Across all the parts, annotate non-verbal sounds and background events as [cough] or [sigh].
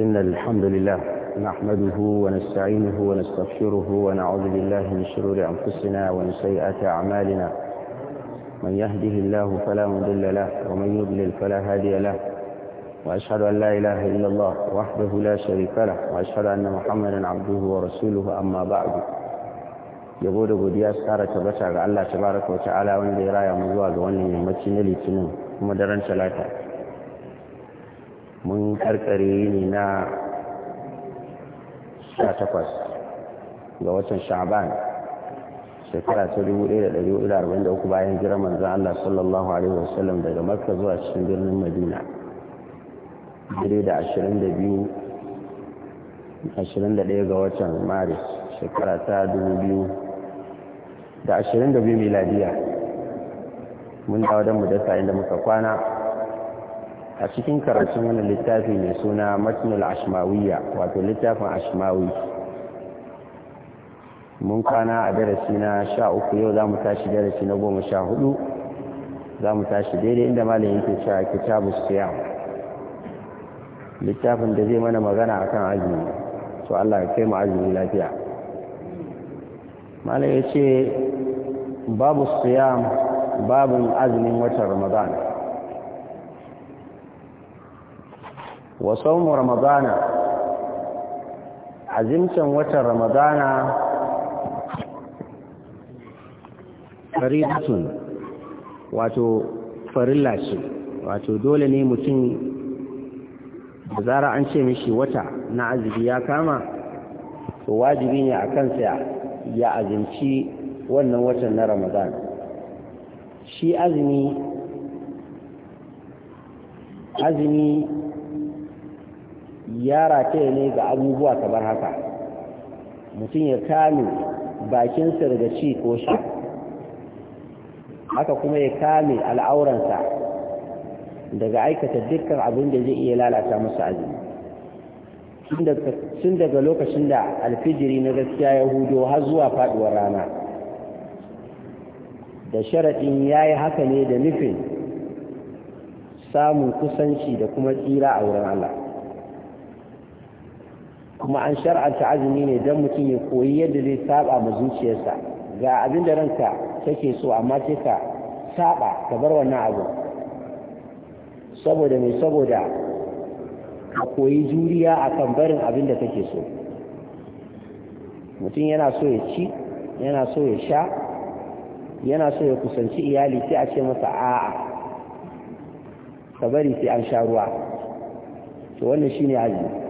إن الحمد لله نحمده ونستعينه ونستغفره ونعوذ بالله من شرور أنفسنا ومن سيئات أعمالنا من يهده الله فلا مضل له ومن يضلل فلا هادي له وأشهد أن لا إله إلا الله وحده لا شريك له وأشهد أن محمدا عبده ورسوله أما بعد يقول أبو دياس سارة تبتع الله تبارك وتعالى وأن لا يرى مزواج وأن يمتن لتنم ومدرن ثلاثة mun karkare ne na 18 ga watan sha'ban shekara ta 1443 bayan jira manzan Allah sallallahu Alaihi wasallam daga makka zuwa cikin birnin madina dire da 22 21 ga watan maris shekara ta biyu da 22 miladiya mun dawo don mu dasa inda muka kwana a cikin karatun wani littafi mai suna matnul ashmawiya wato littafin ashmawi mun kana a darasi na sha uku yau za mu tashi darasi na goma sha hudu za mu tashi daidai inda malam yake cewa kitabu siyam littafin da zai mana magana akan azumi to Allah ya kai mu azumi lafiya malam ya ce babu siyam babin azumin watan ramadan wa saumu ramadana azimcin watan ramadana faridatun wato farilla ce wato dole ne mutum da zara an ce mishi wata na azumi ya kama to wajibi ne a kansa ya azimci wannan watan na ramadana shi azumi azumi ya rataya ne ga abubuwa kamar haka mutum ya kame bakinsa daga ci ko sha haka kuma ya kame al'auransa daga aikata dukkan abin da zai iya lalata masa azumi tun daga lokacin da alfijiri na gaskiya ya hudu har zuwa faduwar rana da sharaɗin ya yi haka ne da nufin samun kusanci da kuma tsira a wurin Allah kuma an shar'anta azumi ne don mutum ya koyi yadda zai saba ma zuciyarsa ga abin da ranka take so amma sai ka saba ka bar wannan abu saboda mai saboda ka koyi juriya a kan barin abin da kake so mutum yana so ya ci yana so ya sha yana so ya kusanci iyali sai a ce masa a'a ka bari sai an sha ruwa to wannan shine azumi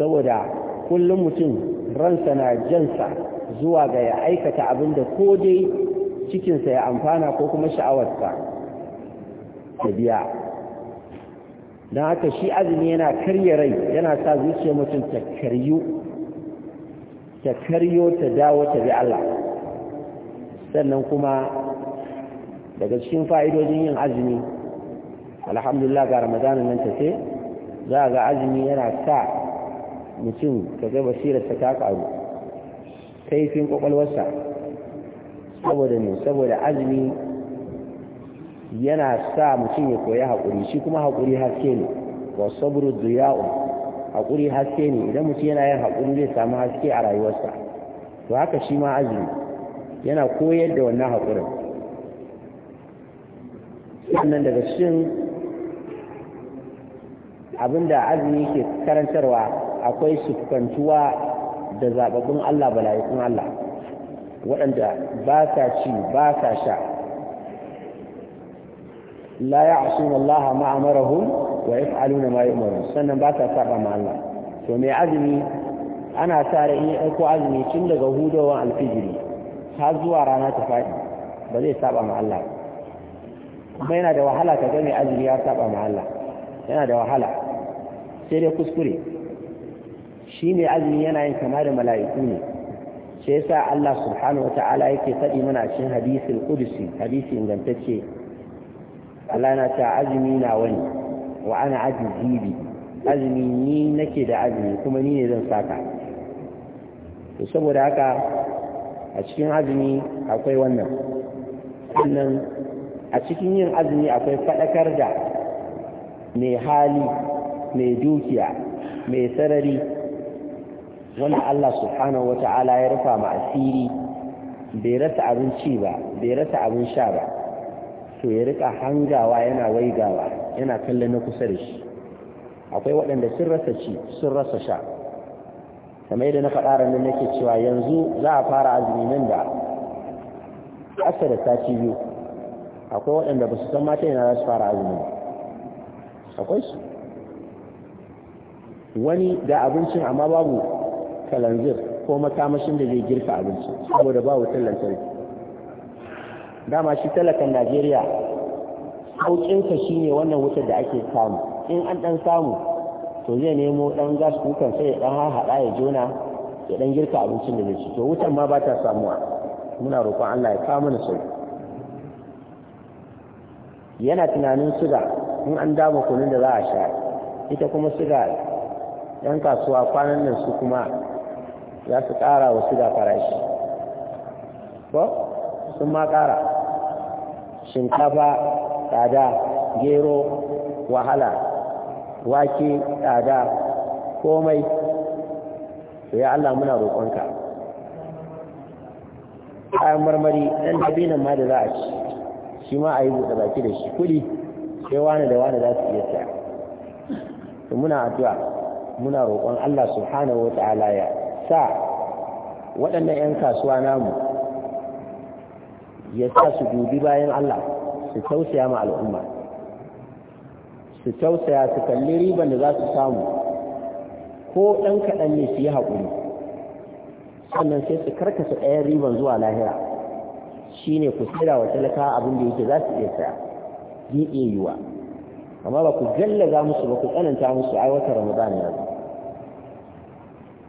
saboda kullum mutum ransa na jansa zuwa ga ya aikata abin da ko dai cikinsa ya amfana ko kuma sha'awarsa ta biya don haka shi azumi yana karya rai yana sa zuciyar mutum ta karyo ta karyo ta dawo ta bi Allah sannan kuma daga cikin fa'idojin yin azumi alhamdulillah ga ramadanin nan ta ce za ga azumi yana sa mutum ka ga basirarsa ta karu kaifin kwakwalwarsa saboda ne saboda azumi yana sa mutum ya koya haƙuri shi kuma haƙuri haske ne wa sabru duya'u haƙuri haske ne idan mutum yana yin haƙuri zai samu haske a rayuwarsa to haka shi ma azumi yana koyar da wannan haƙurin sannan daga cikin abinda azumi ke karantarwa akwai sukantuwa da zababbin Allah bala'ikun Allah waɗanda ba sa ci ba sa sha la asu Allah ma amarahum wa yaf'aluna ma yu'marun sannan ba sa saba ma Allah to mai azumi ana sa ran in ko azumi tun daga hudowar alfijiri har zuwa rana ta faɗi ba zai saba ma Allah kuma yana da wahala ka ga azumi ya saba ma Allah yana da wahala sai dai kuskure shi ne azumi yana yin kama da mala'iku ne shi yasa Allah subhanahu wa ta'ala yake faɗi mana cikin hadisul qudsi hadisi ingantacce Allah na ta azumi na wani wa ana azumi bi azumi ni nake da azumi kuma ni ne zan saka to saboda haka a cikin azumi akwai wannan sannan a cikin yin azumi akwai faɗakar da mai hali mai dukiya mai sarari wanda Allah subhanahu wa ta'ala ya rufa ma asiri bai rasa abin ci ba bai rasa abin sha ba to ya rika hangawa yana waigawa yana kalle na kusa da shi akwai waɗanda sun rasa ci sun rasa sha kamar yadda na faɗa ranar nake cewa yanzu za a fara azumi nan da asa da sati biyu akwai waɗanda ba su san mata yana za su fara azumi akwai su wani da abincin amma babu kalanzir ko makamashin da zai girka abinci saboda ba wutar lantarki dama shi talakan najeriya sauƙinka shi ne wannan wutar da ake samu in an ɗan samu to zai nemo dan gas kukan sai ya ɗan haɗa ya jona ya dan girka abincin da zai ci to wutar ma ba ta samuwa muna roƙon allah ya kawo mana sauki yana tunanin suga in an dama kunun da za a sha ita kuma suga yan kasuwa kwanan nan su kuma za su ƙara wa da farashi ko sun ma ƙara shinkafa tsada gero wahala wake tsada komai ya Allah muna roƙonka kayan marmari Dan dabinan ma da za a ci shi ma a yi buɗe baki da shi kuɗi sai wani da wani za su iya saya muna addu'a muna roƙon Allah subhanahu wa ta'ala ya sa waɗannan 'yan kasuwa namu ya sa su dubi bayan Allah su tausaya ma al'umma su tausaya su kalli riban da za su samu ko ɗan kaɗan ne su yi haƙuri sannan sai su karkasa ɗayan riban zuwa lahira shi ne ku tsira wa talaka abin da yake za su iya saya yi iya yiwa amma ba ku gallaza musu ba ku tsananta musu aiwatar wata ramadan yanzu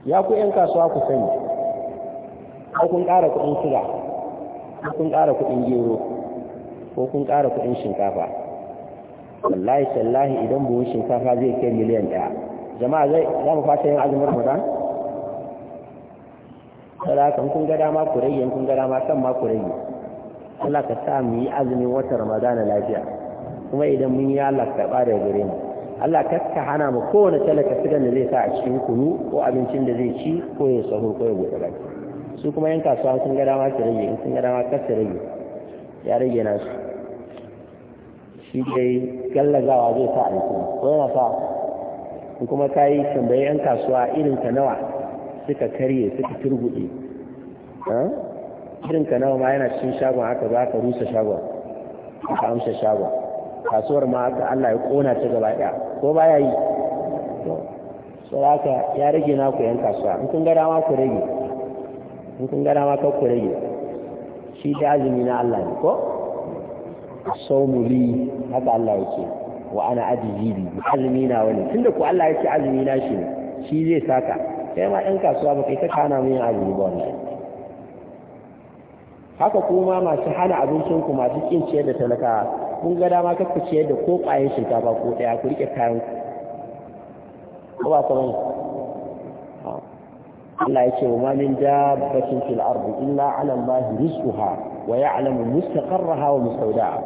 ya ku 'yan kasuwa ku sani ko kun ƙara kuɗin suga ko kun ƙara kuɗin gero ko kun ƙara kuɗin shinkafa wallahi tallahi idan buhun shinkafa zai kai miliyan ɗaya jama'a zai za mu fata yin azumin ramadan saboda kan kun ga dama ku rage kun ga dama kan ma ku rage Allah ka sa mu yi azumin watan ramadana lafiya kuma idan mun yi Allah karɓa daga gare mu Allah kaska hana mu kowane talaka sigan da zai sa a cikin kunu ko abincin da zai ci ko ya sahur ko ya gobe baki su kuma yan kasuwa sun ga dama su rage in sun ga dama kar rage ya rage na su shi dai gallazawa zai sa a yi ko yana sa in kuma ka yi tambayi yan kasuwa irin ka nawa suka karye suka turbuɗe irin ka nawa ma yana cikin shagon haka za ka rusa shagon ka amsa shagon kasuwar ma Allah ya kona ta gaba ɗaya ko baya yi saraka ya rage na ku yan kasuwa in kun gara ma ku rage in kun gara ma ku rage shi da azumi na Allah ne ko asawmu li haka Allah yake wa ana ajizi bi azumi na wani tunda ku Allah yake azumi na shi ne shi zai saka sai ma yan kasuwa ba kai ta kana mu yin azumi ba wannan haka kuma masu hana abincin ku masu kin ciyar da talakawa kun ga dama kakku ciyar da ko ƙwayar shinkafa ko ɗaya ku riƙe kayan ku ba kuma Allah ya ce wa ma min dabbatin fil ardi illa ala Allah rizquha wa ya'lamu mustaqarraha wa mustawda'a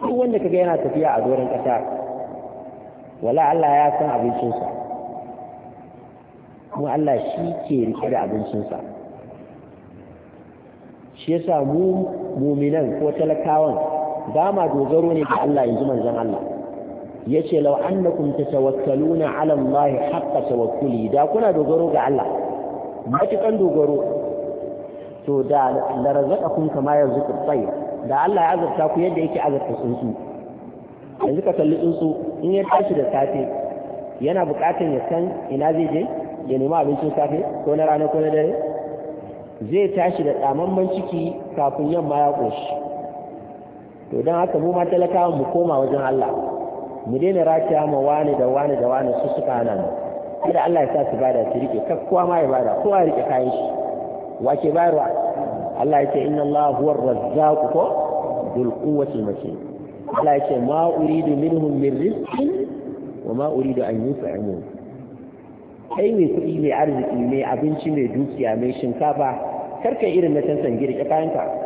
duk wanda kaga yana tafiya a doron ƙasa wala Allah ya san abincinsa kuma Allah shi ke rike da abincinsa shi yasa mu muminan ko talakawan ba ma dogaro ne ga Allah yanzu manzon Allah yace law annakum tatawakkaluna ala Allah haqqa tawakkuli da kuna dogaro ga Allah matukan dogaro to da kun kama yanzu tayr da Allah ya azurta ku yadda yake azurta tsuntsu yanzu ka kalli tsuntsu in ya tashi da safe yana bukatun ya san ina zai je ya nemi abincin safe ko na rana ko na dare zai tashi da tsamamman ciki kafin yamma ya koshi to don haka mu ma talakawa mu koma wajen Allah mu daina rakiya ma wani da wani da wani su suka hana mu kada Allah ya sa su bada su rike kar kowa ma ya bada kowa ya rike kayan shi wa ke bayarwa Allah ya ce inna Allah huwa razzaq ko dul quwwati matin Allah ya ce ma uridu minhum min rizqin wa ma uridu an yut'imun kai mai kuɗi mai arziki mai abinci mai dukiya mai shinkafa karka irin na tantan girke kayanka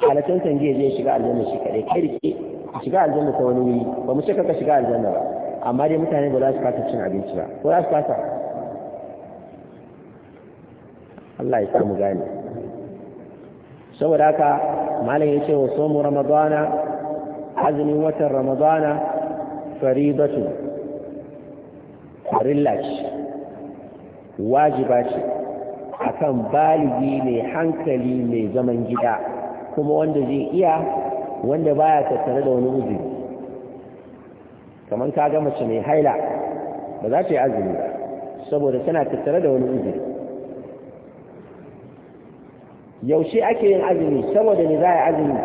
halattun san je je shiga aljanna shi kadai kai rike a shiga aljanna ta wani wuri ba mu shaka ka shiga aljanna ba amma dai mutane ba za su fata cin abinci ba ko za su fata Allah ya samu gane saboda haka malam ya ce wa somu ramadana azumin watan ramadana faridatu farilla ce wajiba ce akan baligi mai hankali mai zaman gida kuma wanda zai iya wanda baya tattare da wani uzuri kamar ka ga mace mai haila ba za ta yi azumi ba saboda tana tattare da wani uzuri yaushe ake yin azumi saboda ne za a yi azumi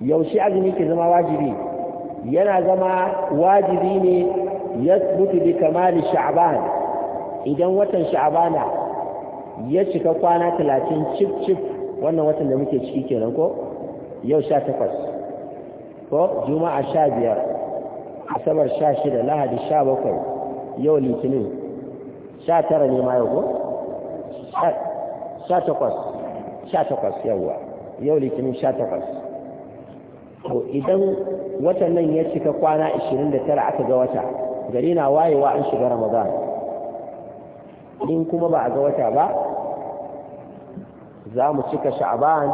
yaushe azumi ke zama wajibi yana zama wajibi ne ya mutu bi kamali sha'ban idan watan sha'bana ya cika kwana talatin cif cif wannan watan da muke ciki kenan ko yau sha takwas ko juma'a sha biyar asabar sha shida lahadi sha bakwai yau litinin sha tara ne ma yau ko sha takwas sha takwas yauwa yau litinin sha takwas to idan watan nan ya cika kwana ashirin da tara aka ga wata gari na wayewa an shiga ramadan in kuma ba a ga wata ba za mu cika sha'aban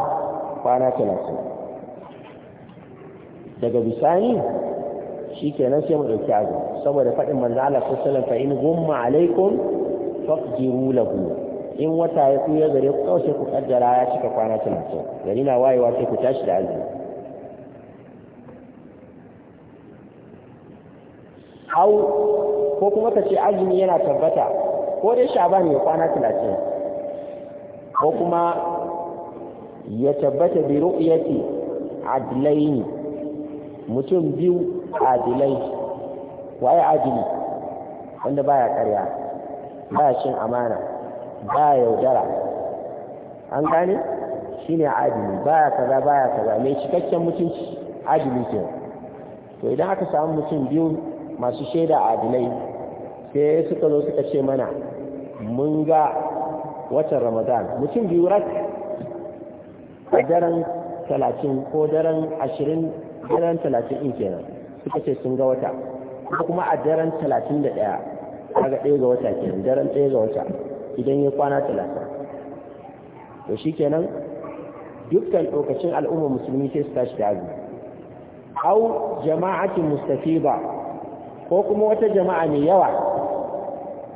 kwana talatin daga bisani shi ke nan sai mu ɗauki azumi saboda faɗin manzo Allah sallallahu alaihi wasallam fa in gumma alaikum faqdiru lahu in wata ya tsuya gare ku kawai sai ku kaddara ya cika kwana talatin gari na wayewa sai ku tashi da azumi hau ko kuma ka ce azumi yana tabbata ko dai sha'aban ya kwana talatin ko kuma ya tabbata bi ru'yati adlain mutum biyu adilai waye adili wanda baya karya baya cin amana baya yaudara an gane shine adili baya kaza baya kaza mai cikakken mutunci adili ke to idan aka samu mutum biyu masu shaida adilai sai suka zo suka ce mana mun ga watan ramadan mutum biyu rak a daren talatin ko daren ashirin daren talatin in kenan suka ce sun ga wata kuma a daren talatin da ɗaya kaga ɗaya ga wata kenan daren ɗaya ga wata idan ya kwana talatin to shi kenan dukkan lokacin al'ummar musulmi sai su tashi da azumi au jama'atin mustafiba ko kuma wata jama'a mai yawa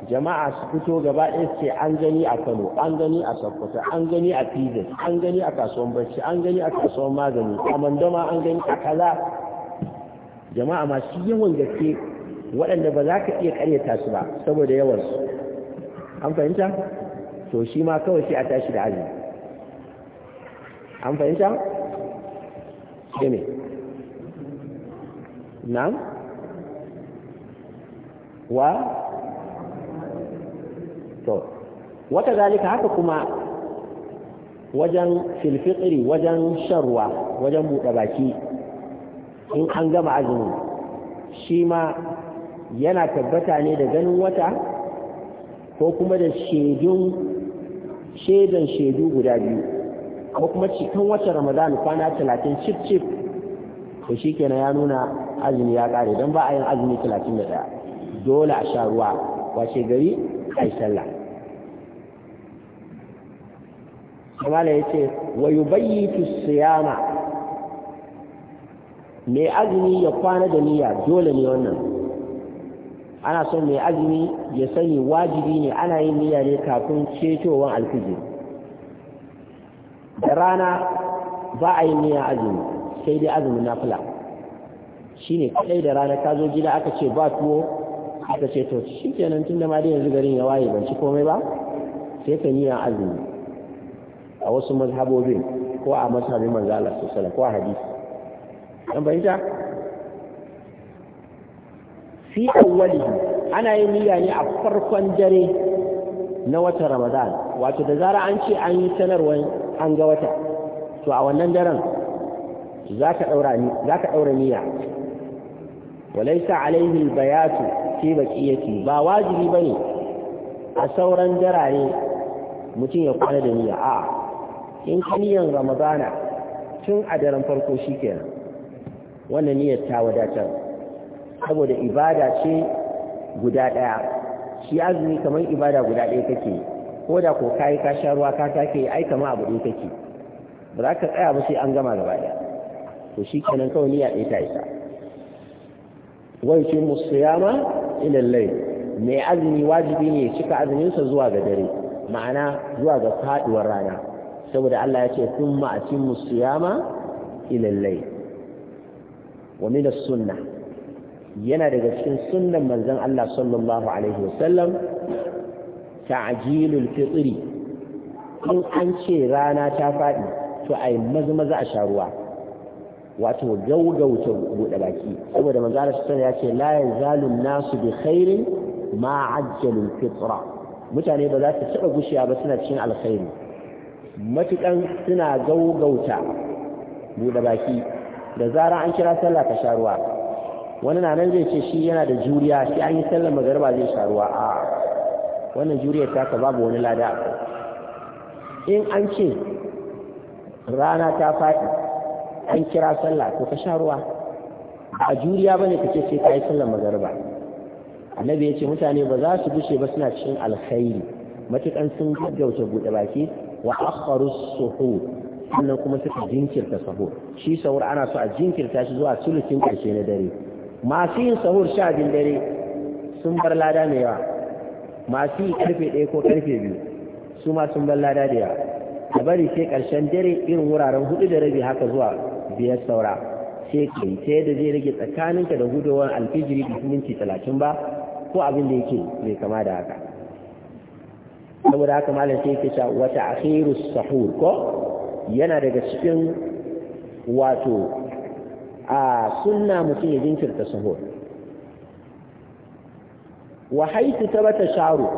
jama'a su fito gaba ɗaya ce an gani a kano an gani a sokoto an gani a pizin an gani a kasuwan bacci an gani a kasuwan magani a mandama an gani a kaza jama'a masu yawan gaske waɗanda ba za ka iya karyata su ba saboda yawansu an fahimta to shi ma kawai sai a tashi da azumi an fahimta shi ne na wa to wata zalika haka kuma wajen filfitri wajen sharwa wajen buɗe baki in an gama azumi shi ma yana tabbata ne da ganin wata ko kuma da shedun shaidan shaidu guda biyu ko kuma cikin wata ramadan kwana talatin cif cif to shi kenan ya nuna azumi ya ƙare don ba a yin azumi talatin da ɗaya dole a sha ruwa washe gari a yi sallah kamala ya ce wa yubayyitu siyama mai azumi ya kwana da niyya dole ne wannan ana son mai azumi ya sani wajibi ne ana yin niyya ne kafin cetowar alfijir da rana ba a yi niyya azumi sai dai azumin Shi ne kadai da rana ta zo gida aka ce ba tuwo aka ce to shi kenan tun da ma dai yanzu garin ya waye ban ci komai ba sai ka niyya azumi a wasu mazhabobin ko a mazhabin manzo Allah sallallahu ko a hadisi an bayyana fi ana yin niyya ne a farkon dare na watan Ramadan wato da zara an ce an yi sanarwar an ga wata to a wannan daren zaka daura ni zaka daura niyya walaysa alaihi albayatu fi baqiyati ba wajibi ba ne. a sauran jarare mutum ya kwana da niyya a'a in kaniyan ramadana tun a daren farko shi kenan wannan niyyar ta wadatar saboda ibada ce guda ɗaya shi azumi kamar ibada guda ɗaya kake ko da ko kayi ka sha ruwa ka take ai kama abu ɗaya kake ba za ka tsaya ba sai an gama gaba ɗaya to shi kenan kawai niyya ɗaya ta isa wai ce musayama ilallai mai azumi wajibi ne cika azuminsa zuwa ga dare ma'ana zuwa ga faɗuwar rana saboda Allah ya ce kun ma'atin musuyama ilallai wa min sunna yana daga cikin sunnan manzon Allah sallallahu alaihi wasallam ta'jilul fitri in an ce rana ta faɗi to a yi maza a sharuwa wato gaugauta buɗe baki saboda maza Allah sallallahu ya ce layan zalun nasu bi khairin ma fitra mutane ba za su taɓa gushiya ba suna cikin alkhairi matukan suna gaugauta buɗe baki da zara an kira sallah ka sha ruwa wani na nan zai ce shi yana da juriya shi an yi sallar magariba zai sha ruwa a wannan juriyar ka babu wani lada in an ce rana ta faɗi an kira sallah ko ka sha ruwa a juriya bane kace ce ka yi sallar magariba annabi ya ce mutane ba za su bushe ba suna cikin alkhairi matukan sun gaggauta buɗe baki wa akharu suhur sannan kuma suka jinkirta sahur shi sahur ana so a jinkirta shi zuwa sulukin karshe na dare masu yin sahur sha biyun dare sun bar lada mai yawa masu yi karfe ɗaya ko karfe biyu su ma sun bar lada da yawa a bari sai karshen dare irin wuraren hudu da rabi haka zuwa biyar saura sai kai ta yadda zai rage tsakaninka da gudowar alfijiri da minti talatin ba ko abin da yake mai kama da haka saboda haka malam sai yake cewa wa ta'khiru sahur ko yana daga cikin wato a sunna mutum ya jinkirta sahur wa haitu tabata sharu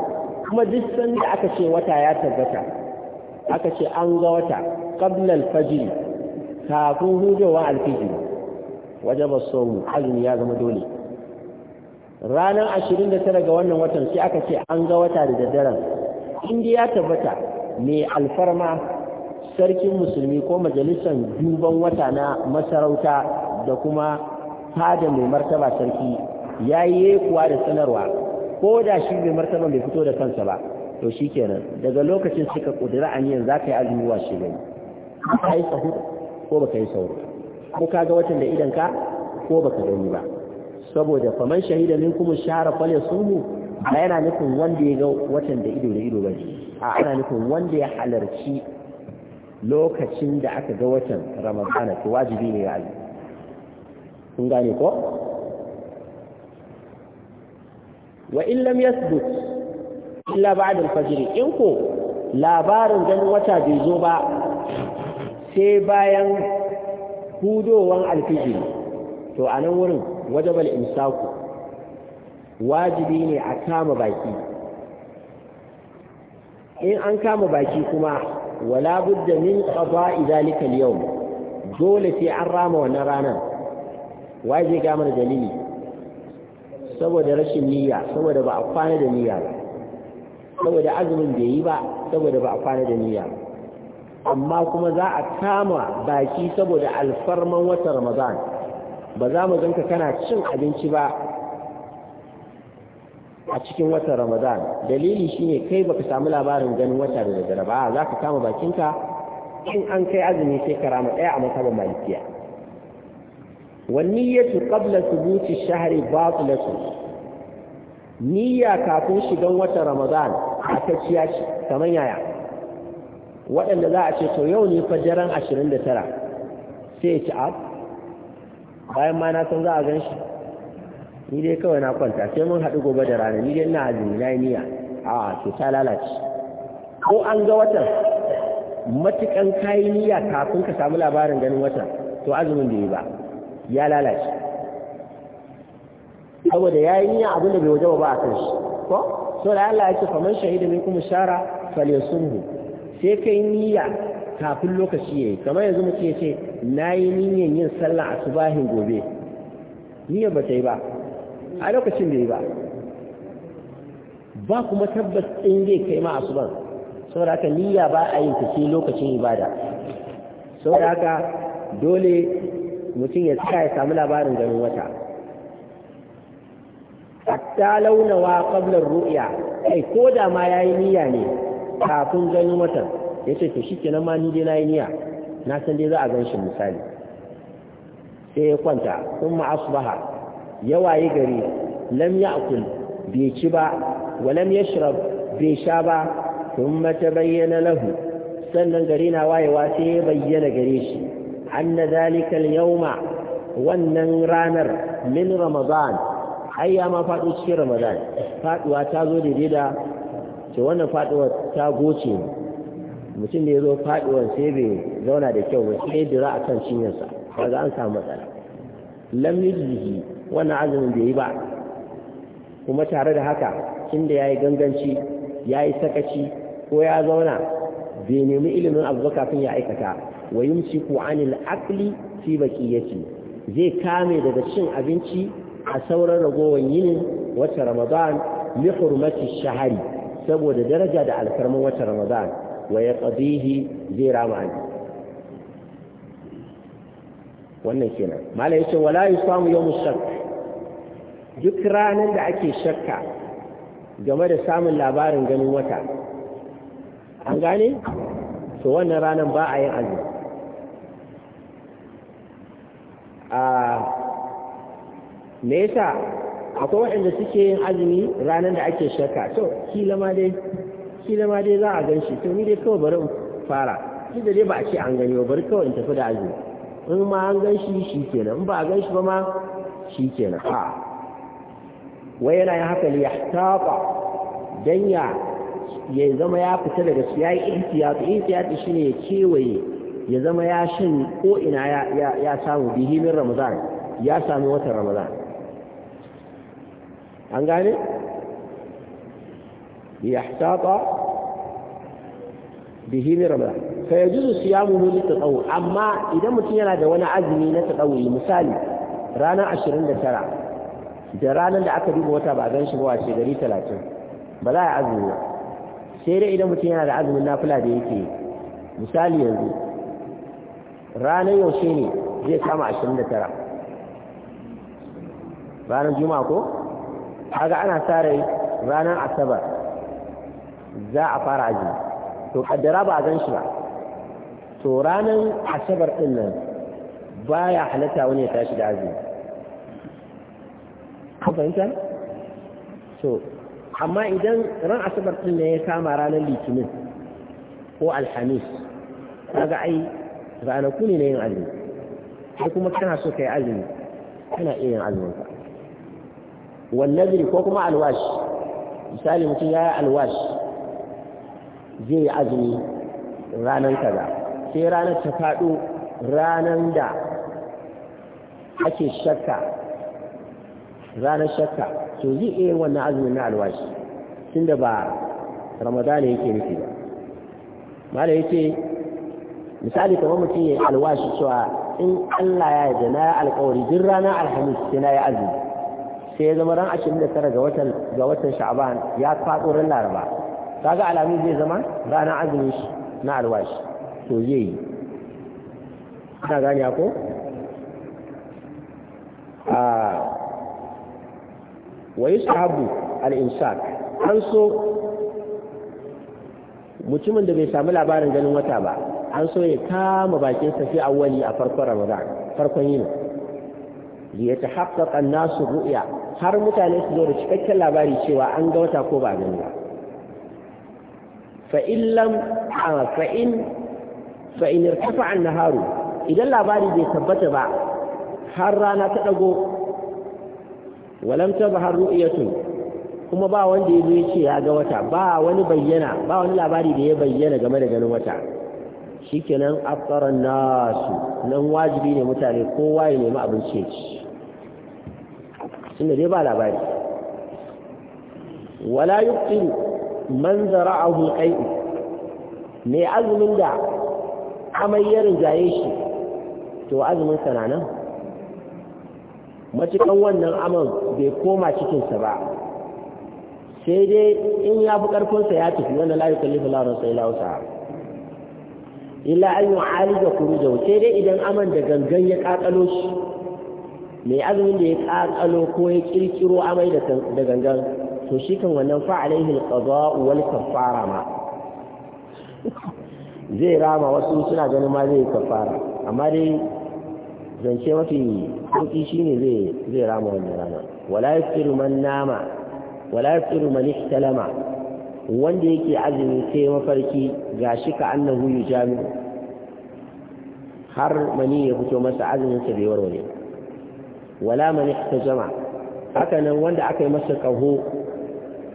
kuma duk sanda aka ce wata ya tabbata aka ce an ga wata qabla al-fajr kafin hujewa al-fajr wajaba sawm azumi ya zama dole ranar 29 ga wannan watan sai aka ce an ga wata da daddaren inda ya tabbata mai alfarma sarkin musulmi ko majalisar duban wata na masarauta da kuma fada mai martaba sarki ya yi yekuwa da sanarwa ko da shi mai martaba mai fito da kansa ba to shi kenan daga lokacin suka ƙudura aniyan za ka yi azumi shi gani ka yi sahur ko baka yi sahur ko ka ga watan da idanka ko baka gani ba saboda faman shahida kuma shahara sumu A yana nufin wanda ya ga watan da ido da ido ba a ana nufin wanda ya halarci lokacin da aka ga watan ramadana to wajibi ne ga Allah kun gane ko wa in lam yasbut illa ba'da al-fajr in ko labarin ganin wata bai zo ba sai bayan hudowan al-fajr to a nan wurin wajabal imsaku wajibi ne a kama baki in an kama baki kuma wala budda min qada'i zalika al-yawm dole sai an rama wannan ranar waje ga mana dalili saboda rashin niyya saboda ba a kwana da niyya ba saboda azumin bai yi ba saboda ba a kwana da niyya ba amma kuma za a kama baki saboda alfarman watan ramadan ba za mu ganka kana cin abinci ba a cikin watan ramadan dalili shine kai baka samu labarin ganin wata da daddare za ka kama bakinka in an kai azumi sai ka rama ɗaya a masaban malikiya wanniyatu qabla thubuti shahri batilatu niyya kafin shigan watan ramadan a tacciya shi kamar yaya waɗanda za a ce to yau ne fa daren tara, sai ya ci bayan ma na san za a gan shi ni dai kawai na kwanta sai mun haɗu gobe da rana ni dai na azumi na niyya a to ta lalace ko an ga watan matukan kayi niyya kafin ka samu labarin ganin watan to azumin bai yi ba ya lalace saboda ya yi niyya abin da bai wajaba ba a kan shi ko so da Allah ya ce faman shahida min kuma shara falyasunhu sai kai niyya kafin lokaci yayi kamar yanzu mutum ya ce na yi niyyan yin sallah asubahin gobe niyya ba ta yi ba a lokacin da yi ba ba kuma tabbas ɗin zai kai ma asuban saboda haka niyya ba a yin tafi lokacin ibada saboda haka dole mutum ya tsaya ya samu labarin ganin wata hatta launawa qablar ru'ya kai ko da ma ya yi niyya ne kafin ganin watan yace to nan ma ni dai yi niyya na san dai za a gan shi misali sai ya kwanta kuma asubaha. yawaye gari lam ya'kul bai ci ba wa lam yashrab bai sha ba thumma bayyana lahu sannan gare na wayewa sai ya bayyana gare shi anna zalika al-yawma wannan ranar min ramadan ayya ma faɗo cikin ramadan faɗuwa ta zo daidai da ce wannan faɗuwar ta goce mutum da ya zo faɗuwar sai bai zauna da kyau ba sai dira a kan cinyarsa kaga an samu matsala lam yujihi wannan azumin bai yi ba kuma tare da haka inda ya yi ganganci ya yi sakaci ko ya zauna bai nemi ilimin abu kafin ya aikata wa ku anil akli fi baqiyati zai kame daga cin abinci a sauran ragowar yinin wata ramadan li hurmati shahari saboda daraja da alfarmar wata ramadan wa yaqdihi zai rama wannan kenan malai yace wala yusamu yawm shakk duk ranar da ake shakka game da samun labarin ganin wata an gane to wannan ranar ba a yin azumi a me yasa akwai waɗanda suke yin azumi ranar da ake shakka to kila ma dai kila ma dai za a gan shi to ni dai kawai bari in fara shi dai ba a ce an gani ba bari kawai in tafi da azumi in ma an gan shi shi kenan in ba a gan shi ba ma shi kenan ha wai yana yin haka ne ya taɓa don ya ya zama ya fita daga su ya yi ihtiyatu ihtiyatu shi ne ya kewaye ya zama ya shan ko'ina ya samu bihimin ramadan ya sami watan ramadan an gane ya taɓa bihi min ramadan fa yajuzu siyamuhu li tatawu amma idan mutum yana da wani azumi na tatawu misali ranar 29 da ranar da aka duba wata ba a shi ba ce gari 30 ba za a azumi sai dai idan mutum yana da azumin nafila da yake misali yanzu ranar yaushe ne zai kama 29 ranar juma'a ko kaga ana sa ranar asabar za a fara azumi to kaddara ba a gan shi ba to ranar asabar din nan baya halatta wani ya tashi da azumi ka fahimta to amma idan ran asabar din ne ya kama ranar litinin ko alhamis kaga ai ranaku ne na yin azumi sai kuma kana so ka yi azumi kana iya yin azumin ka wannan ko kuma alwashi misali mutum ya yi alwashi zai yi azumi ranar kaza sai ranar ta faɗo ranar da ake shakka ranar shakka to zai iya wannan azumin na alwashi tunda ba ramadana yake nufi ba mala yake misali kamar mutum ya alwashi cewa in Allah ya yarda na alƙawari duk ranar alhamis sai na yi azumi sai ya zama ran 29 ga watan ga watan sha'ban ya faɗo ran laraba kaga alami zai zama ranar azumin shi na alwashi to zai yi ana gane ko a wa yusahabu al an so mutumin da bai samu labarin ganin wata ba an so ya kama bakin sa fi awwali a farkon ramadan farkon yin ya ta haƙaƙa nasu ru'ya har mutane su zo da cikakken labari cewa an ga wata ko ba gani ba fa'in lam fa'in fa'in irtafa an naharu idan labari bai tabbata ba har rana ta dago walam har ru'yatun kuma ba wanda ya ya ce ya ga wata ba wani bayyana ba wani labari da ya bayyana game da ganin wata nan aftaran nasu nan wajibi ne mutane kowa ya nemi abinci ci tunda dai ba labari wala yuqtiru man zara'ahu qai'u mai azumin da amai ya rinjaye shi to azumin sa nan matukan wannan aman bai koma cikinsa ba sai dai in ya fi ƙarfinsa ya tafi wanda la yukallifu la nafsa illa wusaha illa an yu'alija kurujahu sai dai idan aman da gangan ya kakalo shi mai azumin da ya kakalo ko ya kirkiro amai da gangan to shi kan wannan fa alaihi alqada wal kafara ma zai rama wasu suna ganin ma zai kafara amma dai zance mafi sauki shine zai zai rama wannan rana wala yafiru man nama wala yafiru man ihtalama wanda yake azumi sai mafarki gashi ka annahu yujami har mani ya fito masa azumin sa bai warware wala man ihtajama haka nan wanda aka yi masa kaho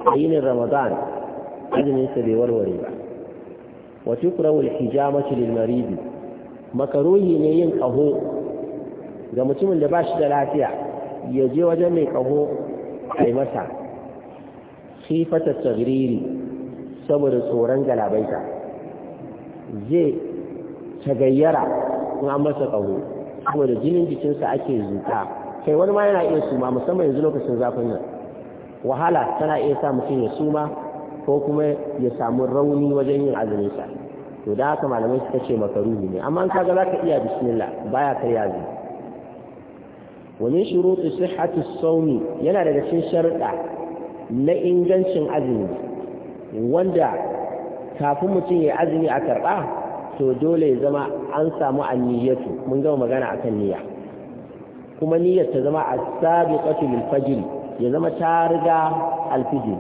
a yinin ramadan azuminsa bai warware ba wa tukrawul ja lil maridi makaruhi ne yin kaho ga mutumin da ba shi da lafiya ya je wajen mai kaho ai masa khifata tagriri saboda tsoron galabaita zai tagayyara in an masa kaho saboda jinin jikinsa ake zuka kai wani ma yana iya suma musamman yanzu lokacin zafin nan wahala tana iya sa mutum ya suma ko kuma ya samu rauni wajen yin azumin sa to da haka malamai suka ce makaruhi ne amma ka ga zaka iya bismillah baya kai azumi wa min shuruti sihhati as yana daga cikin sharuɗa na ingancin azumi wanda kafin mutum ya azumi a karɓa to dole ya zama an samu aniyatu mun gama magana akan niyya kuma niyyar ta zama a sabiqatu lil fajr ya zama ta riga alfijir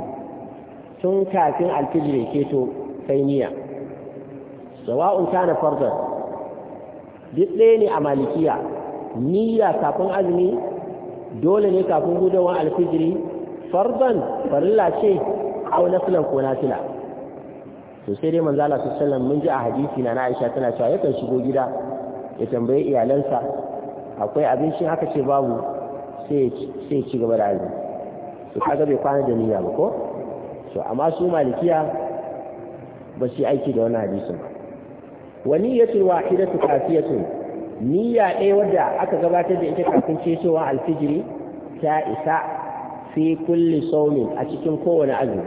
tun kafin alfijir ya keto kai niyya sawa'un kana fardar duk ɗaya ne a malikiya niyya kafin azumi dole ne kafin gudawa alfijiri fardan farilla ce au nafilan ko nafila to sai dai manzo Allah sallallahu mun ji a hadisi na Aisha tana cewa yakan shigo gida ya tambaye iyalansa akwai abin shi haka ce babu sai sai ci gaba da azumi su kaga bai kwana da niyya ba ko so amma su malikiya ba su aiki da wani hadisin wa niyyatul wahidatu kafiyatu niyya ɗaya wadda aka gabatar da ita kafin cewa alfijiri ta isa fi kulli sawmin a cikin kowane azumi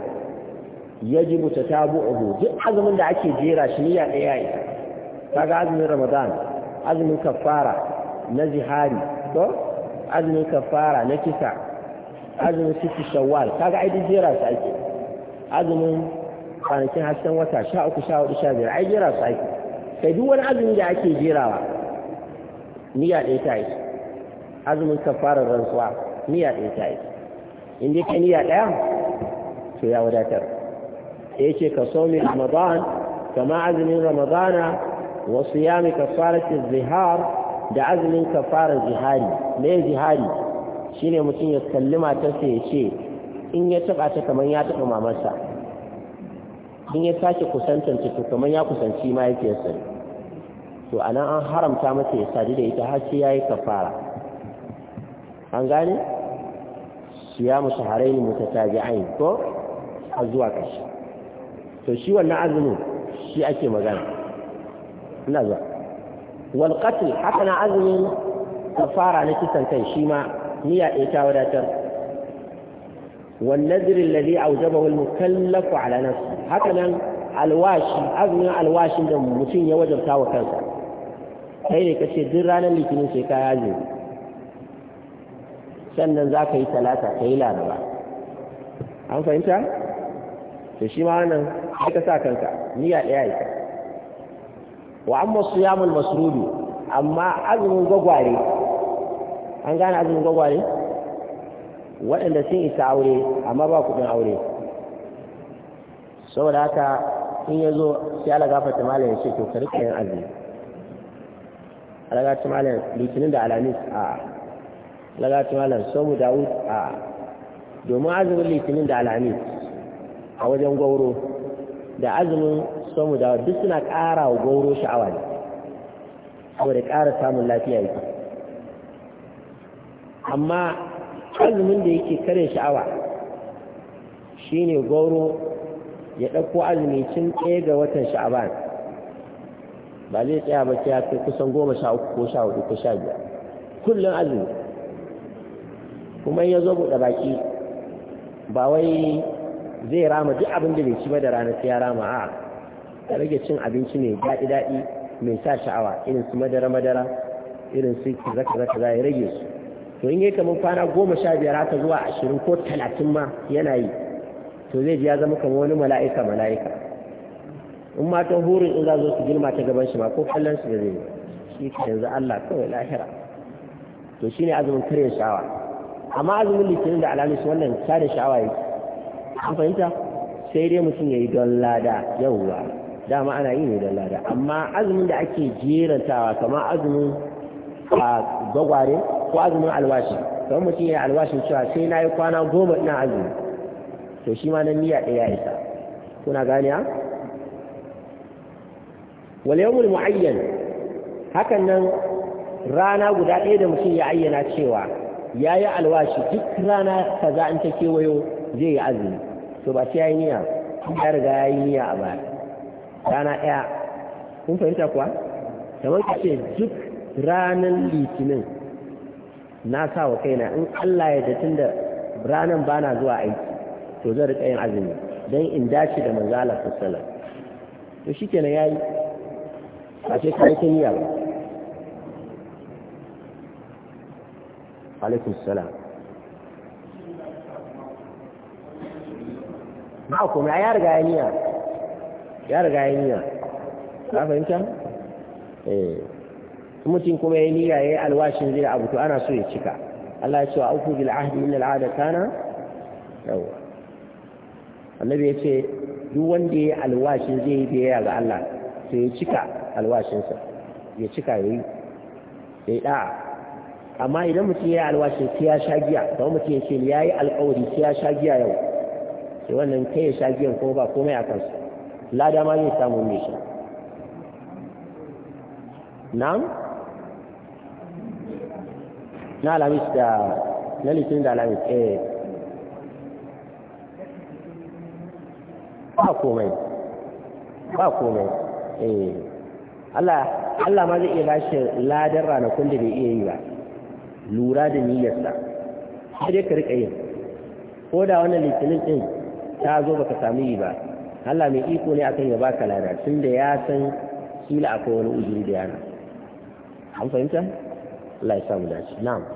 yajibu tatabu'uhu duk azumin da ake jera shi niyya ɗaya ya isa kaga azumin ramadan azumin kafara na zihari ko azumin kafara na kisa azumin siti shawwal kaga ai jera su ake azumin kwanakin hasken wata sha uku sha hudu sha biyar ai jera su ake sai duk wani azumin da ake jerawa niyya ɗaya ta yi azumin kafarar rantsuwa niyya ɗaya ta yi in dai ka niyya ɗaya to ya wadatar ya ce ka so somi ramadan kama azumin ramadana wasu yami kafaratin zihar da azumin kafarar zihari me zihari Shi ne mutum ya kalli matarsa ya ce in ya taba ta kamar ya taba mamarsa in ya sake kusantanta to kamar ya kusanci mahaifiyarsa to a nan an haramta mata ya sadu da ita har sai ka kafara an gane ta ji mutatabi'ain ko a zuwa kashi to shi wannan azumin shi ake magana ina zuwa walƙatu haka na azumin kafara na kisan kai shi ma niyya ɗaya ta wadatar والنذر الذي أوجبه المكلف على نفسه هكذا alwashi azumin alwashin da mutum ya wajabta wa kansa kai ne kace duk ranar litinin sai ka yaje sannan za ka yi talata ka yi laraba an fahimta to shi ma nan, sai ka sa kanka niyya ɗaya ita wa amma siyamul masrubi amma azumin gwagware an gane azumin gwagware waɗanda sun isa aure amma ba kuɗin aure saboda haka in ya zo sai ala gafarta malam ya ce to ka rika yin azumi alaga gafarta litinin da alamis a alaga gafarta malam somu dawud a domin azumin litinin da alamis a wajen gwauro da azumin sobu dawud duk suna ƙara wa sha'awa ne saboda ƙara samun lafiya yake amma azumin da yake kare sha'awa shi ne goro ya ɗauko azumi cin ɗaya ga watan sha'aban ba zai tsaya ba sai ya kai kusan goma sha uku ko sha hudu ko sha biyar kullum azumi kuma ya zo buɗe baki ba wai zai rama duk abin da bai ci ba da rana sai ya rama a ya rage cin abinci mai daɗi daɗi mai sa sha'awa irin su madara madara irin su kaza kaza kaza ya rage su to in yi kamar kwana goma sha biyar haka zuwa ashirin ko talatin ma yana yi to zai ji ya zama kamar wani mala'ika mala'ika in ta hurin in za zo su girma ta gaban shi ma ko kallon su da zai shi yanzu Allah kawai lahira to shine azumin karya sha'awa amma azumin litinin da alamis wannan da sha'awa yake an fahimta sai dai mutum ya yi don lada yauwa dama ana yi ne don lada amma azumin da ake jerantawa kamar azumin a ah, gwagware ko azumin alwashi don mutum ya alwashin cewa sai na yi kwana goma ina azumi to shi ma nan niyya ɗaya isa kuna gane ha wal yawmul muayyan hakan nan rana guda ɗaya da mutum ya ayyana cewa yayi yi alwashi duk rana kaza in ta kewayo zai yi azumi to ba sai yi niyya ya riga ya yi niyya a baya rana ɗaya kun fahimta kuwa kamar ka ce duk ranar litinin na sa wa kaina in Allah ya tun da ranan ba na zuwa aiki to zan rika yin azumi don in dace da manzo Allah To to shikenan yayi ba sai kai kin niyya ba alaikum salam ba kuma ya riga ya niyya ya riga ya niyya ka fahimta eh mutum kuma ya niyya yi alwashin zai abu to ana so ya cika Allah ya ce wa auku bil ahdi innal ahda kana yawa annabi ya ce duk wanda ya alwashin zai yi biyayya ga Allah to ya cika alwashinsa ya cika yayi yayi da'a amma idan mutum ya yi alwashi sai ya sha giya kuma mutum ya ce ya yi alƙawari sai ya sha giya yau sai wannan kai ya sha giyan kuma ba komai a kansa lada ma zai samu mai sha na'am na alhamis da na litinin da alhamis eh ba komai ba komai eh Allah Allah ma zai iya shi ladan ranakun da bai iya yi ba lura da niyyarsa sai dai ka rika yin ko da wannan litinin din ta zo baka samu yi ba Allah mai iko ne akan ya baka lada tunda ya san kila akwai wani ujiri da yana an fahimta Allah ya samu dace na'am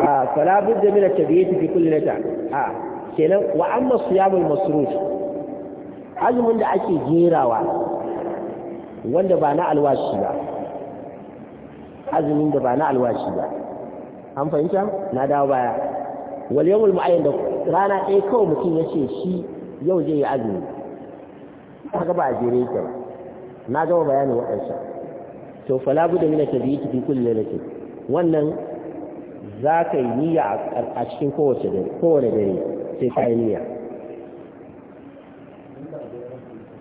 a fala budda min at-tabiyyati fi kulli lata a kenan wa amma siyamul masruf azumin da ake jerawa wanda ba na alwashi ba azumin da ba na alwashi ba an fahimta na dawo baya wal yawmul mu'ayyan da rana ɗaya kawai mutum ya ce shi yau zai yi azumi kaga ba a jere na gama bayanin waɗansa to fala budda min at-tabiyyati fi kulli lata wannan za ka yi niyya a cikin kowace dare kowane dare sai ka yi niyya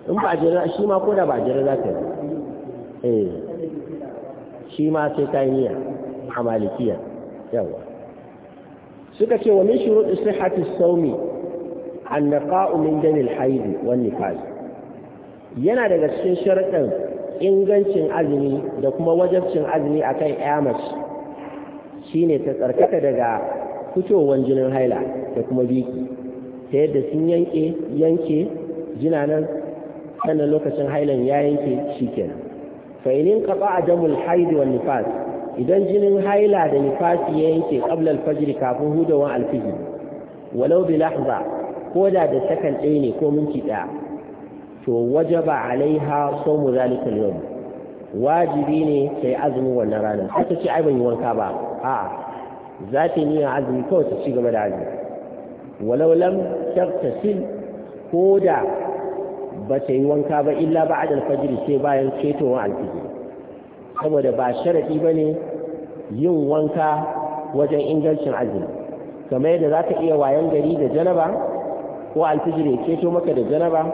in ba jira shi ma ko da ba jira za ka yi eh shi ma sai ka yi niyya a malikiya yawa suka ce wa min shuruɗi hati saumi na ka'umin danil Haidu, wani nifas yana daga cikin sharuɗin ingancin azumi da kuma wajabcin azumi a ƴa mace Shi ne ta tsarkaka daga fitowar jinin haila da kuma biki ta yadda sun yanke yanke jinanan sannan lokacin hailan ya yanke shikenan Fainin kafa a damul haidu wa nifas idan jinin haila da nifasi ya yanke kablar fajiri kafin hudawan alfihi walau bi lahza ko da da sakan ɗaya ne ko minti ɗaya to wajaba alaiha mu zalika al wajibi ne sai azumin wannan ranar sai ce ai ban yi wanka ba a'a za ta yi azumi kawai ta ci gaba da azumi walau lam sil ko da ba ta yi wanka ba illa ba adal fajiri sai bayan ketowar alfijir saboda ba sharaɗi ba ne yin wanka wajen ingancin azumi kamar yadda za ka iya wayan gari da janaba ko alfijir ya keto maka da janaba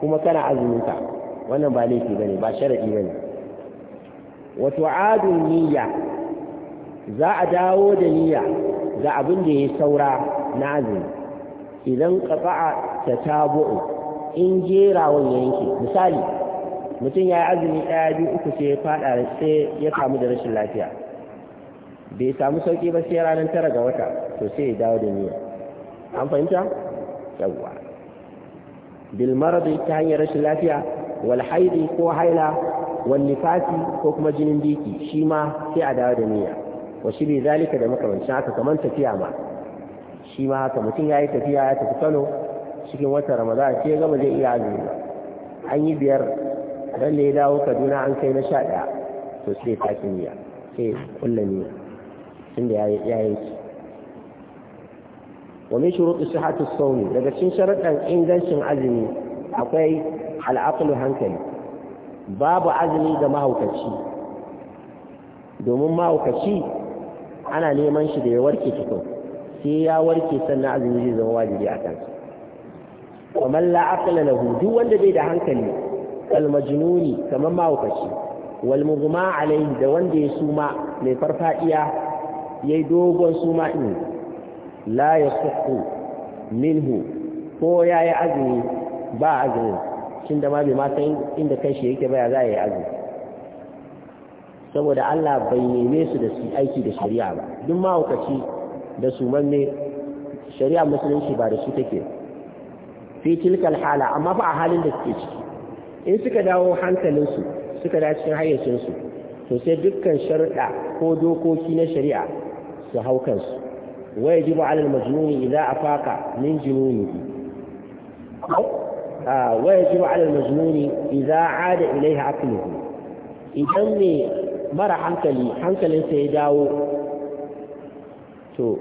kuma kana azuminka wannan ba laifi ba ne ba sharaɗi ba ne wato adun niyya za a dawo da niyya ga abin da ya saura na azumi idan ƙafa'a ta tabo in wannan yanki misali mutum ya yi azumi ɗaya biyu uku sai ya faɗa sai ya kamu da rashin lafiya bai samu sauƙi ba sai ranar tara ga wata to sai ya dawo da niyya an fahimta yawwa bil maradi ta hanyar rashin lafiya wal haidi ko haila wal nifasi ko kuma jinin biki shi ma sai a dawo da niyya wa shi bai zalika da makamancin aka kamar tafiya ma shi ma haka mutum ya yi tafiya ya tafi kano cikin watan ramadana sai gama zai iya azumi ba an yi biyar ran da ya dawo kaduna an kai na sha ɗaya to sai ta kimiyya sai kulla niyya da ya yi yanki wa min shuruɗi sihhatu sawmi daga cikin sharaɗan ingancin azumi akwai al'aqlu hankali babu azumi ga mahaukaci domin mahaukaci ana neman shi da ya warke cikin sai ya warke sannan azumi zai zama wajibi a kansa wa man la aqla lahu duk wanda bai da hankali al majnuni kamar mahaukaci wal mughma alayhi da wanda ya suma mai farfadiya yayi dogon suma in la yasihhu minhu ko yayi azumi ba azumi shin da ma bai ma san inda kai shi yake ba ya za yi azumi saboda Allah bai neme su da su aiki da shari'a ba duk mahaukaci da su manne shari'a musulunci ba da su take fi tilkal hala amma fa a halin da suke ciki in suka dawo hankalinsu suka dawo cikin hayyacinsu to sai dukkan sharuɗa ko dokoki na shari'a su hau kansu wa yajibu ala al-majnuni a faka min jununihi ah, wa yajibu ala al-majnuni idza aada ilayha aqluhu idan ne mara hankali hankalinsa ya dawo to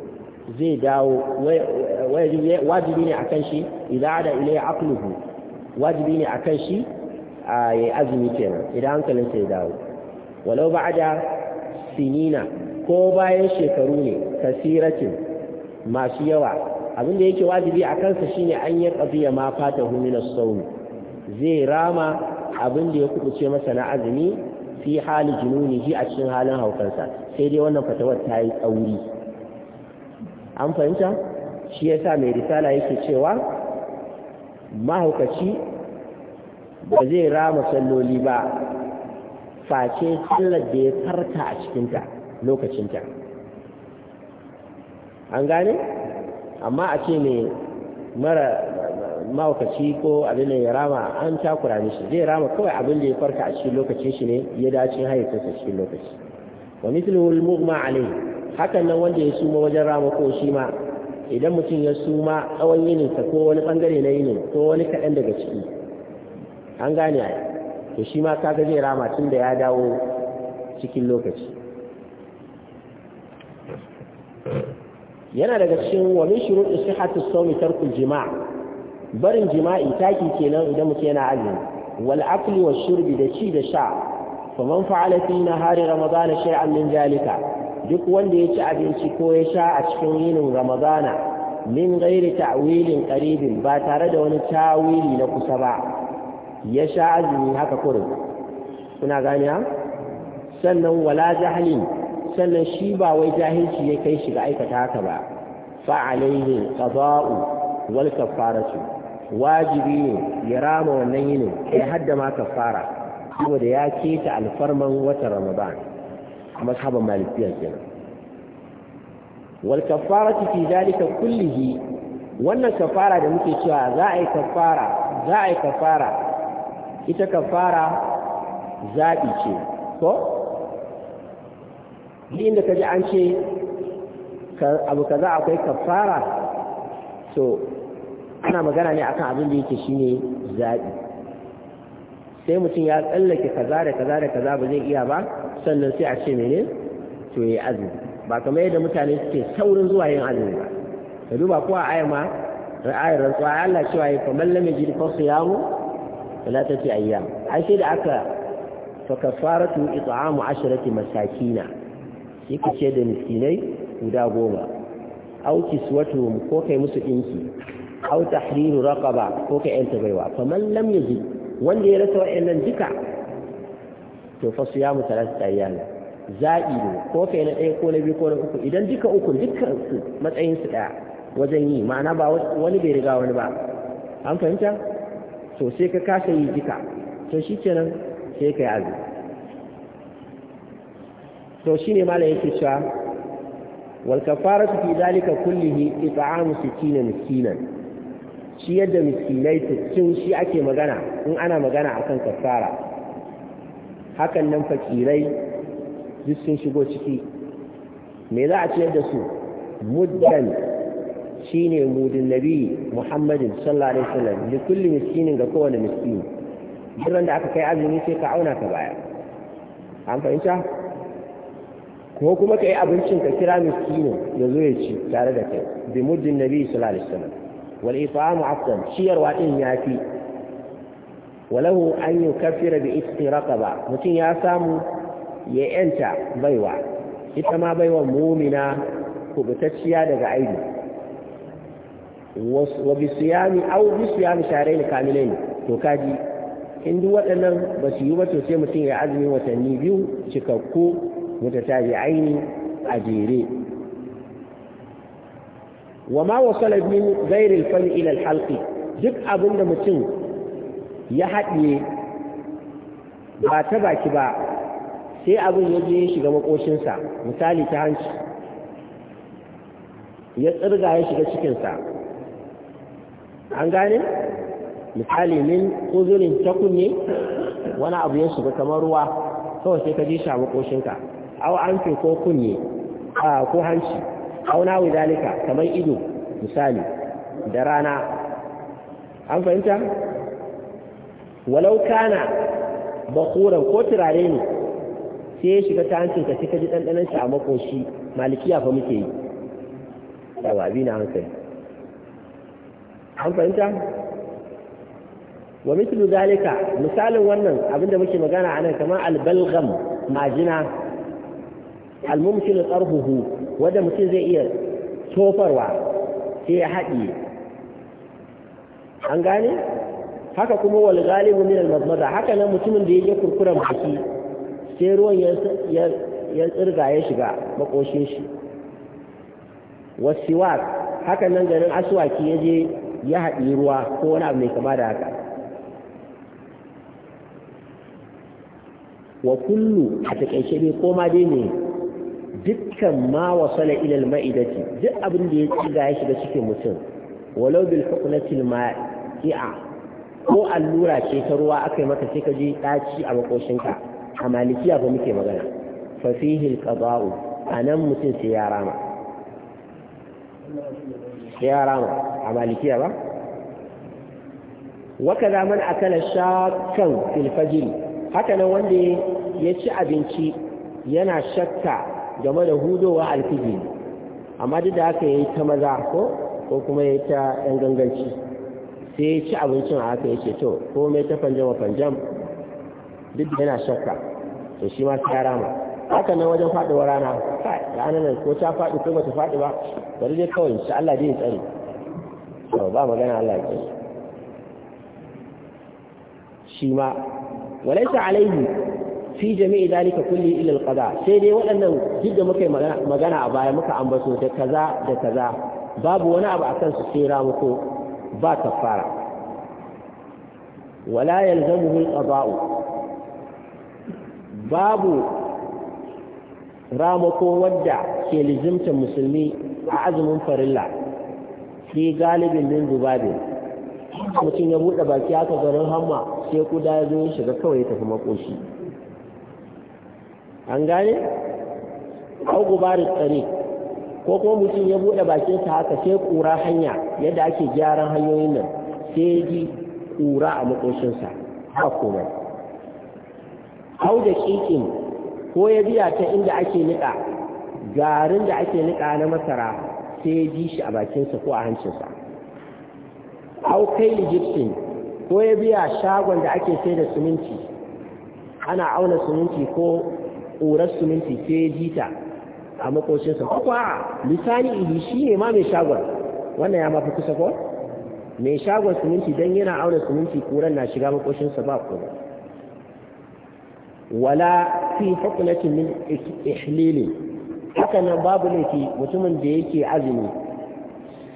zai dawo wajibi ne akan shi idan ada ilai aqluhu wajibi ne akan shi a yi azumi kenan idan hankalinsa ya dawo walau ba'ada sinina ko bayan shekaru ne kasiratin masu yawa abinda yake wajibi a kansa shine an yi qadiya ma fatahu min as-sawm zai rama abin da ya kubuce masa na azumi fi hali shi a cikin halin haukansa sai dai wannan fatawar ta yi tsauri an fahimta shi ya sa mai risala yake cewa mahaukaci ba zai rama salloli ba face sallar da ya farta a cikinta lokacinta an gane amma a ce mai mara mawakaci ko abin ya rama an takura shi zai rama kawai abin da ya farka a cikin lokacin shi ne ya dace hayyacinsa cikin lokaci wa mithluhu al-mughma alayhi hakan nan wanda ya suma wajen rama ko shi ma idan mutum ya suma tsawon yininsa ko wani bangare na yinin ko wani kaɗan daga ciki an gane ai to shi ma kaga zai rama tunda ya dawo cikin lokaci yana daga cikin wani min shuruɗi sihhatu sawmi tarkul jima' barin jima'i taki kenan idan mutum yana azumi wal akli wa shurbi da ci da sha fa man fa'ala fi nahari ramadana shay'an min zalika duk wanda ya ci abinci ko ya sha a cikin yinin ramadana min ghairi ta'wilin qaribin ba tare da wani tawili na kusa ba ya sha azumi haka kurin kuna gani ha sannan wala jahlin sannan shi ba wai jahilci ya kai shi ga aikata haka ba fa alaihi qada'u wal kafaratu wajibi ne ya rama wannan yinin ya hadda ma kafara saboda ya keta alfarman watan ramadan a mashaban malikiyar kenan wal kafaratu fi zalika kullihi wannan kafara da muke cewa za a yi kafara za a yi kafara ita kafara zaɓi ce ko inda ka ji an ce abu kaza akwai kafara to ana magana ne akan abin da yake shine zaɓi sai mutum ya tsallake kaza da kaza da kaza ba zai iya ba sannan sai a ce mene to ya azumi ba kamar yadda mutane suke saurin zuwa yin azumi ba ka duba ko a aya ma ra'ayar rantsuwa Allah cewa ya kamar lam yajid fa siyamu a ayyam ai sai da aka fa kafaratu it'amu asharati masakina shi ce da miskinai guda goma auki suwatu ko kai musu dinki aw tahriru raqaba ko ka yanta baiwa man lam yaji wanda ya rasa wa'annan duka to fa su siyamu thalathati ayyam za'i ne ko kai na ɗaya ko na biyu ko na uku idan duka uku dukkan su matsayin su ɗaya wajen yi ma'ana ba wani bai riga wani ba an fahimta to sai ka kasa yi duka to shi kenan sai ka yi azu to shi ne malam yake cewa wal kafaratu fi dalika kullihi it'amu 60 miskinan shi yadda miskinai tun shi ake magana in ana magana a kan kassara, hakan nan fakirai duk sun shigo ciki me za a ciyar da su muddan ne mudin nabi muhammadin sallallahu alaihi wasallam da kulli miskinin ga kowane miskini duk da aka kai azumi sai ka auna ka baya an fahimta ko kuma ka yi abincin ka kira miskini ya zo ya ci tare da kai bi muddin nabi sallallahu alaihi wasallam wal ifa'amu afdal ciyarwa din yafi walahu an yukaffira bi itqi raqaba mutum ya samu ya yanta baiwa ita ma baiwa mu'mina kubutacciya daga aibi wa bi siyami aw bi siyami shahrayn kamilain to kaji in duk waɗannan ba su yi ba sai mutum ya azumi watanni biyu cikakku mutatabi'aini a jere wa ma wasala min ghairil fani ila duk abin da mutum ya haɗiye ba ta baki ba sai abin ya je shiga makoshinsa misali ta hanci ya tsirga ya shiga cikinsa an gane misali min uzurin ta kunne wani abu ya shiga kamar ruwa kawai sai ka ji shi a makoshinka aw an ko kunne ko hanci auna wa zalika kamar ido misali da rana an fahimta walau kana bakuran ko turare ne sai ya shiga ta hancinka sai ka ji ɗanɗanon shi a makoshi malikiya fa muke yi yawa abi na hankali an fahimta wa mislu zalika misalin wannan abinda muke magana anan kamar albalgam majina almumkinu tsarhuhu wanda mutum zai iya tofarwa sai ya haɗiye an gane haka kuma wal galibu min al mazmada haka nan mutumin da yake kurkuran baki sai ruwan ya ya tsirga ya shiga makoshin shi wasiwak haka nan garin aswaki ya je ya haɗi ruwa ko wani abu mai kama da haka wa kullu a taƙaice dai koma dai ne dukkan ma wasala ila al-ma'idati duk abin da ya ga ya shiga cikin mutum walau bil hukunatil ma'i'a ko allura ce ta ruwa aka yi maka sai ka ji ɗaci a makoshinka a malikiya ba muke magana fa fihi al-qada'u anan mutum sai ya rama sai ya rama a malikiya ba wakaza man akala shakkan fil fajr haka nan wanda ya ci abinci yana shakka game da hudowa alfiji amma duk da haka yi ta maza ko ko kuma ya ta ɗan ganganci sai ya ci abincin a haka ya ce to ko mai ta fanjama fanjam duk yana shakka to shi ma sai ya rama haka nan wajen faɗuwa rana ranar nan ko ta faɗi ko bata faɗi ba bari dai kawai insha Allah dai ya tsare to ba magana Allah ya shi ma walaisa alaihi fi jami'i dalika kulli ila alqada sai dai waɗannan duk da muka yi magana a baya muka ambato da kaza da kaza babu wani abu akan su sai ramuko ba kafara wala yalzamuhu alqada'u babu ko wadda ke lizimta musulmi a azumin farilla fi galibin din zubabin mutum ya buɗe baki aka garin hamma sai kuda ya zo shiga kawai ya tafi makoshi an gane au gubar tsari ko kuma mutum ya bude bakin sa haka sai kura hanya yadda ake gyaran hanyoyin nan sai ji kura a makoshin sa haka komai Hau da kikin ko ya biya ta inda ake nika garin da ake nika na masara sai ya ji shi a bakinsa ko a hancinsa au kai egyptian ko ya biya shagon da ake sai da siminti ana auna siminti ko ƙurar siminti sai ya jita a makocinsa ko kuwa lisani ihi shi ne ma mai shagon wannan ya mafi kusa ko mai shagon siminti don yana auna siminti ƙuran na shiga makocinsa ba ƙurar wala fi hukunatin min ihlili haka nan babu laifi mutumin da yake azumi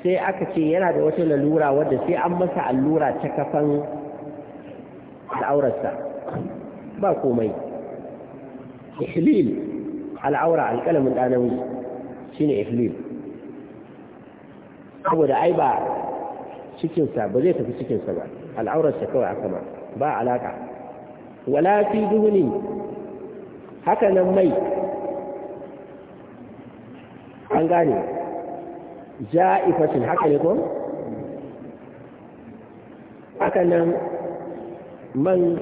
sai aka ce yana da wata lalura wadda sai an masa allura ta kafan al'aurarsa ba komai ihlil al'aura alƙalamin ɗa namiji shine ihlil saboda ai ba cikinsa ba zai tafi cikinsa ba al'aurarsa kawai aka ma ba alaƙa wala fi duhuni haka nan mai an gane ja'ifatin haka ne ko haka man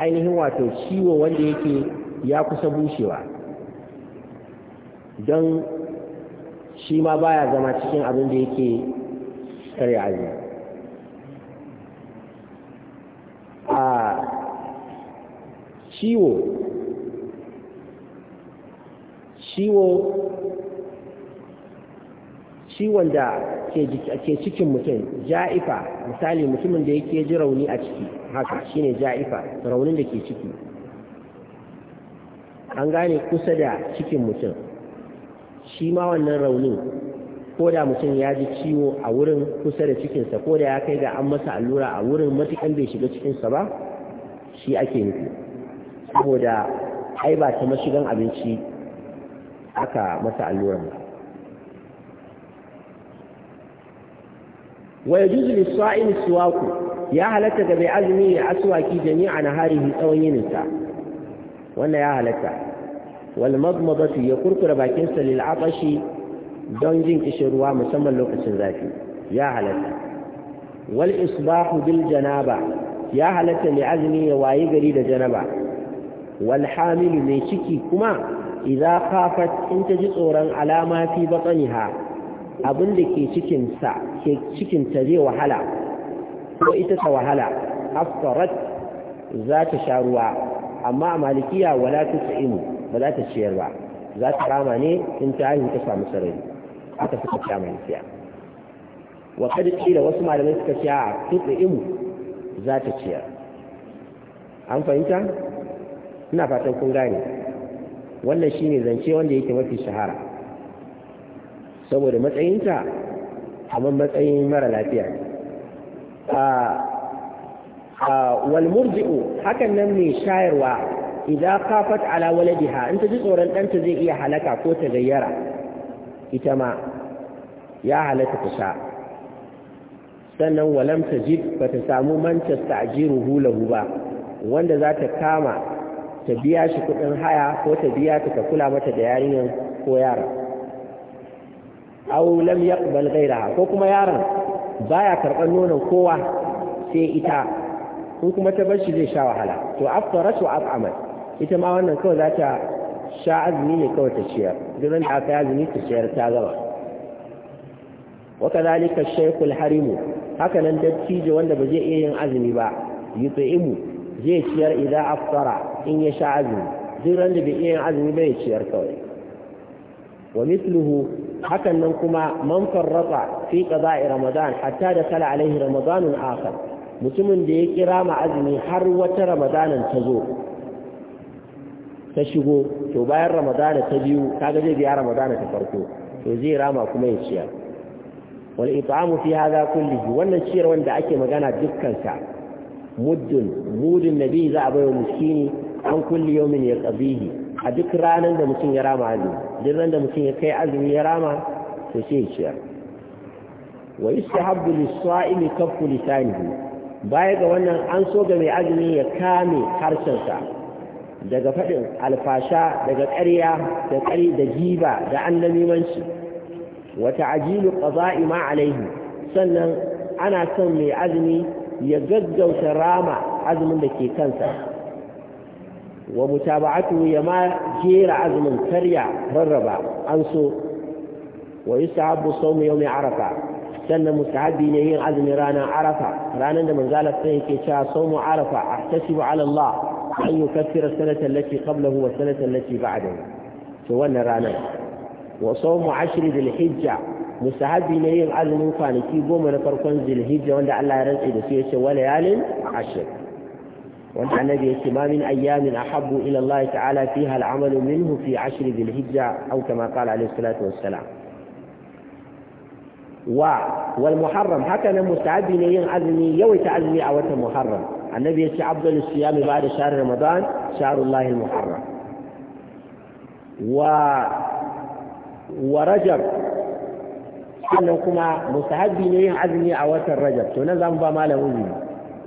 ainihin wato ciwo wanda yake ya kusa bushewa don shi ma baya zama cikin abin da yake karya a ciwo ciwo ciwon da ke cikin mutum ja'ifa misali mutumin da yake ji rauni a ciki haka shine ja'ifa raunin da ke ciki an gane kusa da cikin mutum shi ma wannan raunin ko da mutum ya ji ciwo a wurin kusa da cikinsa ko da ya kai ga an masa allura a wurin matukan bai shiga cikinsa ba shi ake nufi saboda ai ba ta mashigan abinci aka masa alluran ba wa yajuzu lis-sa'imi siwaku ya halatta ga mai azumi ya aswaki jami'a harihi tsawon yininsa wannan ya halatta wal ya kurkura bakinsa lil atashi don jin kishin ruwa musamman lokacin zafi ya halatta wal isbahu bil janaba ya halatta mai azumi ya wayi gari da janaba wal hamilu mai ciki kuma idza khafat in ta ji tsoron alama fi batniha abin da ke cikin sa ke cikin ta zai wahala ko ita ta wahala afqarat za ta sha ruwa amma malikiya wala tusaimu ba za ta ciyar ba za ta rama ne in ta haihu ta samu sarari aka suka ci mai siya wa kada da wasu malamai suka ci a tutsi imu za ta ciyar an fahimta ina fatan kun gane wannan shine zance wanda yake mafi shahara saboda matsayinta kamar matsayin mara lafiya a walmurji'u hakan nan mai shayarwa idan kafat ala waladiha in ta ji tsoron ɗanta zai iya halaka ko ta gayyara ita ma ya halaka ta sha sannan walam tajid ji ba ta samu manchester a jiru lahu ba wanda za ta kama ta biya shi kuɗin haya ko ta biya ta ta kula mata da yarinyar ko yaron au lam yaqbal ghayraha ko kuma yaron baya karɓar nonon kowa sai ita ko kuma ta bar shi zai sha wahala to afsaratu at'amat ita ma wannan kawai za ta sha azumi ne kawai ta ciyar duran da aka yi azumi ta ciyar ta gaba waka zalika shaikul harimu haka nan dattijo wanda ba zai iya yin azumi ba yutaimu zai ciyar idan aftara in ya sha azumi duran da bai iya yin azumi ba ya ciyar kawai wa misluhu hakan nan kuma man farrata fi qada'i ramadan hatta da kala alaihi ramadanun akhar mutumin da ya kira ma azumi har wata ramadanan ta zo ta shigo to bayan ramadana ta biyu kaga zai biya ramadana ta farko to zai rama kuma ya ciyar wal it'amu fi hadha kullihi wannan ciyar wanda ake magana dukkan sa muddun mudun nabi za a bayo miskini an kulli yawmin yaqdihi a duk ranar da mutum ya rama azumi duk ran da mutum ya kai azumi ya rama to sai ya ciyar wa yustahabbu lis-sa'imi kaffu lisanihi baya ga wannan an so ga mai azumi ya kame harshensa daga faɗin alfasha daga ƙarya da ƙari da jiba da annamimanci wata ajilu ƙaza'i ma alaihi sannan ana son mai azumi ya gaggauta rama azumin da ke kansa wa mutaba'atu ya ma jera azumin karya rarraba an so wa yusahabu sawmu yawmi arafa sannan mustahabi ne yin azumin ranar arafa ranar da manzala sai yake cewa saumu arafa ahtasibu ala Allah an yukaffira sanata allati qablahu wa sanata allati ba'dahu to wannan ranar wa sawmu ashri dhil hijja mustahabi ne yin azumin kwanaki goma na farkon dhil hijja wanda Allah ya rantsa da su yace wa layalin ashr wanda annabi yace ma min ayyamin ahabbu ila Allah ta'ala fiha al-amal minhu fi ashri dhil hijja aw kama qala alayhi salatu wassalam wa wal ne yin azumi yawaita azumi a watan muharram annabi ya ce abdul mai ba da shahr ramadan shahrullahi muharram wa wa rajab sannan kuma mustahabbi ne yin azumi a watan rajab to na zamu ba malam uzuri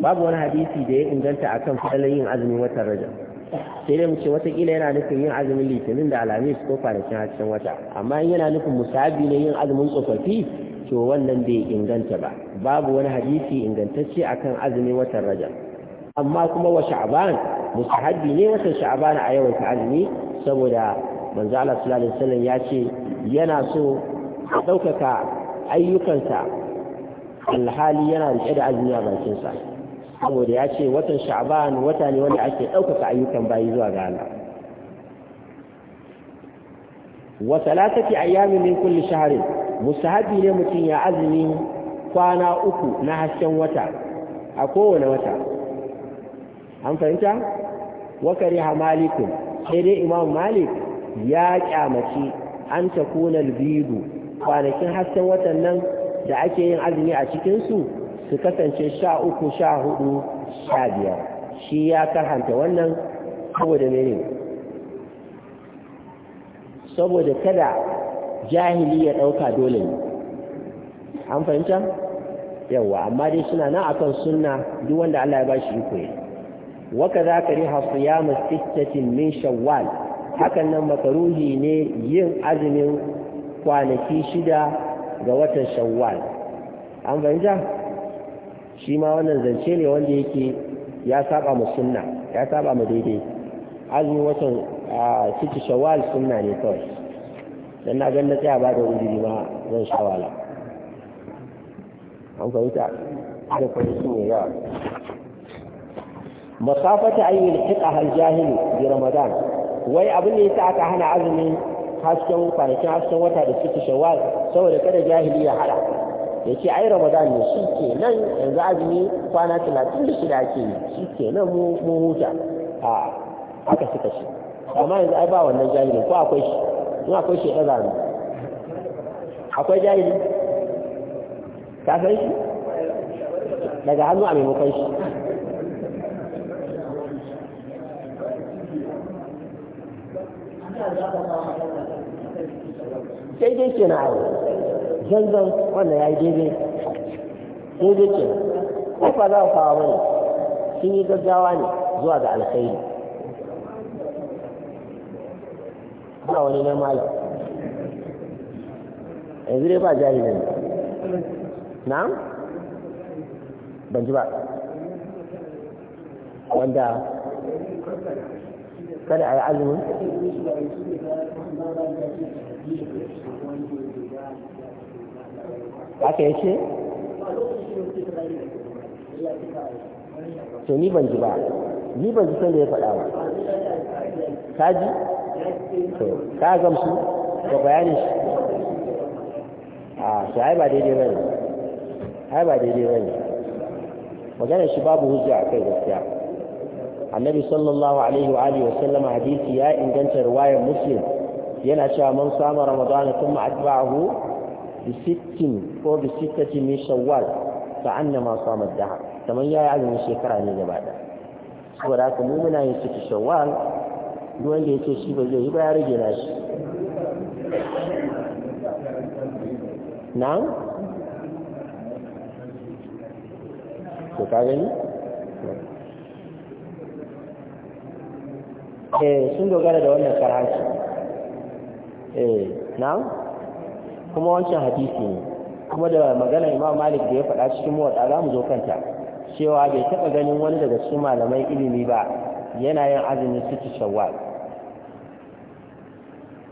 babu wani hadisi da ya inganta akan fadalar yin azumin watan rajab sai dai mu ce watakila yana nufin yin azumin litinin da alhamis ko kwanakin hasken wata amma in yana nufin musabi ne yin azumin tsofaffi to wannan bai inganta ba babu wani hadisi ingantacce akan azumin watan rajab amma kuma wa sha'ban mustahabbi ne watan sha'ban a yawan ta azumi saboda manzo Allah sallallahu alaihi wasallam ya ce yana so a ɗaukaka ayyukansa alhali yana rike da azumi a bakinsa saboda ya ce watan sha'ban wata ne wanda ake ɗaukaka ayyukan bayi zuwa ga Allah wa salatati ayyami min kulli shahrin mustahabi ne mutum ya azumi kwana uku na hasken wata a kowane wata an fahimta wa kariha malikun sai dai imam malik ya kyamaci an Kunar albidu kwanakin hasken watan nan da ake yin azumi a cikin su su kasance sha uku sha hudu sha biyar shi ya karhanta wannan saboda mene saboda kada jahili ya ɗauka dole ne an fahimta yawa amma dai suna nan akan sunna duk wanda Allah ya ba shi iko waka za ka riha siyamu sittatin min shawwal hakan nan makaruhi ne yin azumin kwanaki shida ga watan shawwal an fahimta shi ma wannan zance ne wanda yake ya saba mu sunna ya saba mu daidai azumin watan ciki shawwal sunna ne kawai dan na ga na tsaya ba da uzuri ma zan shawala an fahimta da kwanaki ne yawa masafata an yulhiqa hal jahili bi ramadan wai abin da yasa aka hana azumin hasken kwanakin hasken wata da suke shawwal saboda kada jahili ya hada ya ce ai ramadan ne shi ke nan yanzu azumi kwana talatin da shida ake yi shi ke nan mu huta a aka suka shi amma yanzu ai ba wannan jahili ko akwai shi in akwai shi ɗaga ne akwai jahili ka san shi daga hannu a maimakon shi daidai ke na awo zanzan wanda ya yi daidai daidai ke ko ba za ku kawo bane sun yi gaggawa ne zuwa ga alkhairi ba wani na malam yanzu dai ba jari ne na ban ji ba wanda kada a yi azumin haka yake to ni ban ji ba ni ban ji sanda ya faɗa ba ka ji to ka gamsu da bayanin shi a to ai ba daidai bane ai ba daidai bane maganar shi babu hujja a kai gaskiya annabi sallallahu alaihi wa alihi wasallama hadisi ya inganta riwayar muslim yana cewa man sama ramadan kuma atba'ahu bi sittin ko bi sittati min shawwal fa annama sama dahar kamar yayi azumin shekara ne gaba da saboda haka mu muna yin sitti shawwal duk wanda yake shi ba zai yi ba ya rage nashi nan na'am ko ka gani eh sun dogara da wannan karhaci eh na'am kuma wancan hadisi ne kuma da magana Imam Malik da ya faɗa cikin muwatta za mu zo kanta cewa bai taɓa ganin wani daga cikin malaman ilimi ba yana yin azumi siti shawwal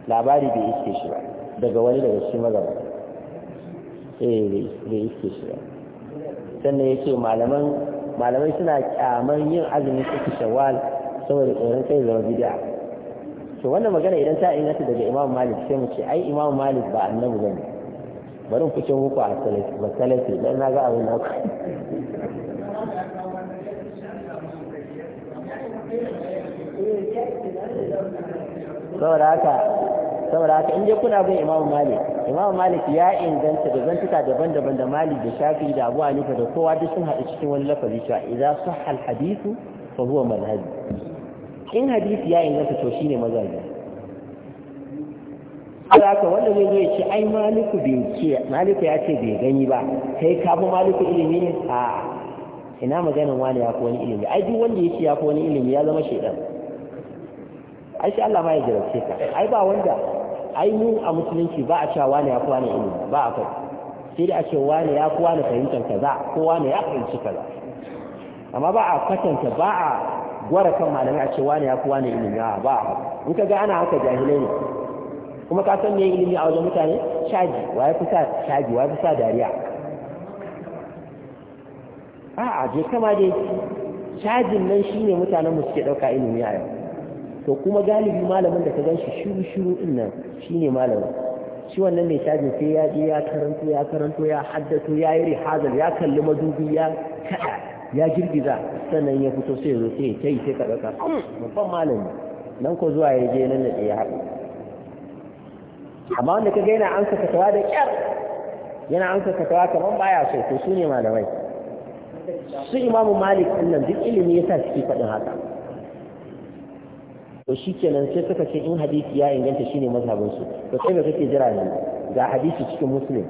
labari bai iske shi ba daga wani daga cikin mazaba eh bai iske shi ba sannan ya ce malaman malamai suna kyaman yin azumin siti shawwal saboda tsoron kai zama bid'a to wannan magana idan ta inganta daga imam malik sai mu ce ai imam malik ba annabi bane bari ku ce muku a salafi ba salafi dan na ga abin nan saboda haka saboda haka in dai kuna bin imam malik imam malik ya inganta da zantuka daban-daban da malik da shafi da abu hanifa da kowa duk sun haɗu cikin wani lafazi cewa idan sahha al-hadithu fa huwa manhaji in hadisi ya inganta to shine mazaje haka wanda zai zai ce ai maliku bin ce maliku ya ce bai gani ba kai ka fi maliku ilimi ne a ina maganin wani ya fi wani ilimi ai duk wanda ya ce ya fi wani ilimi ya zama shaidan ai shi Allah ma ya jarabce ka ai ba wanda ai mu a musulunci ba a cewa wani ya fi wani ilimi ba a kai sai dai a ce wani ya fi wani fahimtar kaza ko wani ya fahimci kaza amma ba a kwatanta ba a gwara kan malamai a ce wane ya fi wani ilimi a ba in ka ga ana haka jahilai ne kuma ka san me ilimi a wajen mutane shaji wa ya fi sa shaji wa ya fi sa dariya a'a je kama dai shajin nan shine mutanen mu suke ɗauka ilimi a yau to kuma galibi malamin da ka gan shi shiru shiru in nan shine malamin shi wannan mai shajin sai ya je ya karanto ya karanto ya haddato ya yi rihazal ya kalli madubi ya kaɗa. ya girgiza sannan ya fito sai zo sai ta yi sai ka ɗauka babban malami nan ko zuwa ya je nan da ya haɗu amma wanda ka gaina an saka tawa da ƙyar yana saka tawa kamar baya so to su ne malamai su imamu malik ɗin nan duk ilimi ya sa suke faɗin haka to shi kenan sai suka ce in hadisi ya inganta shine ne su to sai ba kake jira ne ga hadisi cikin musulun.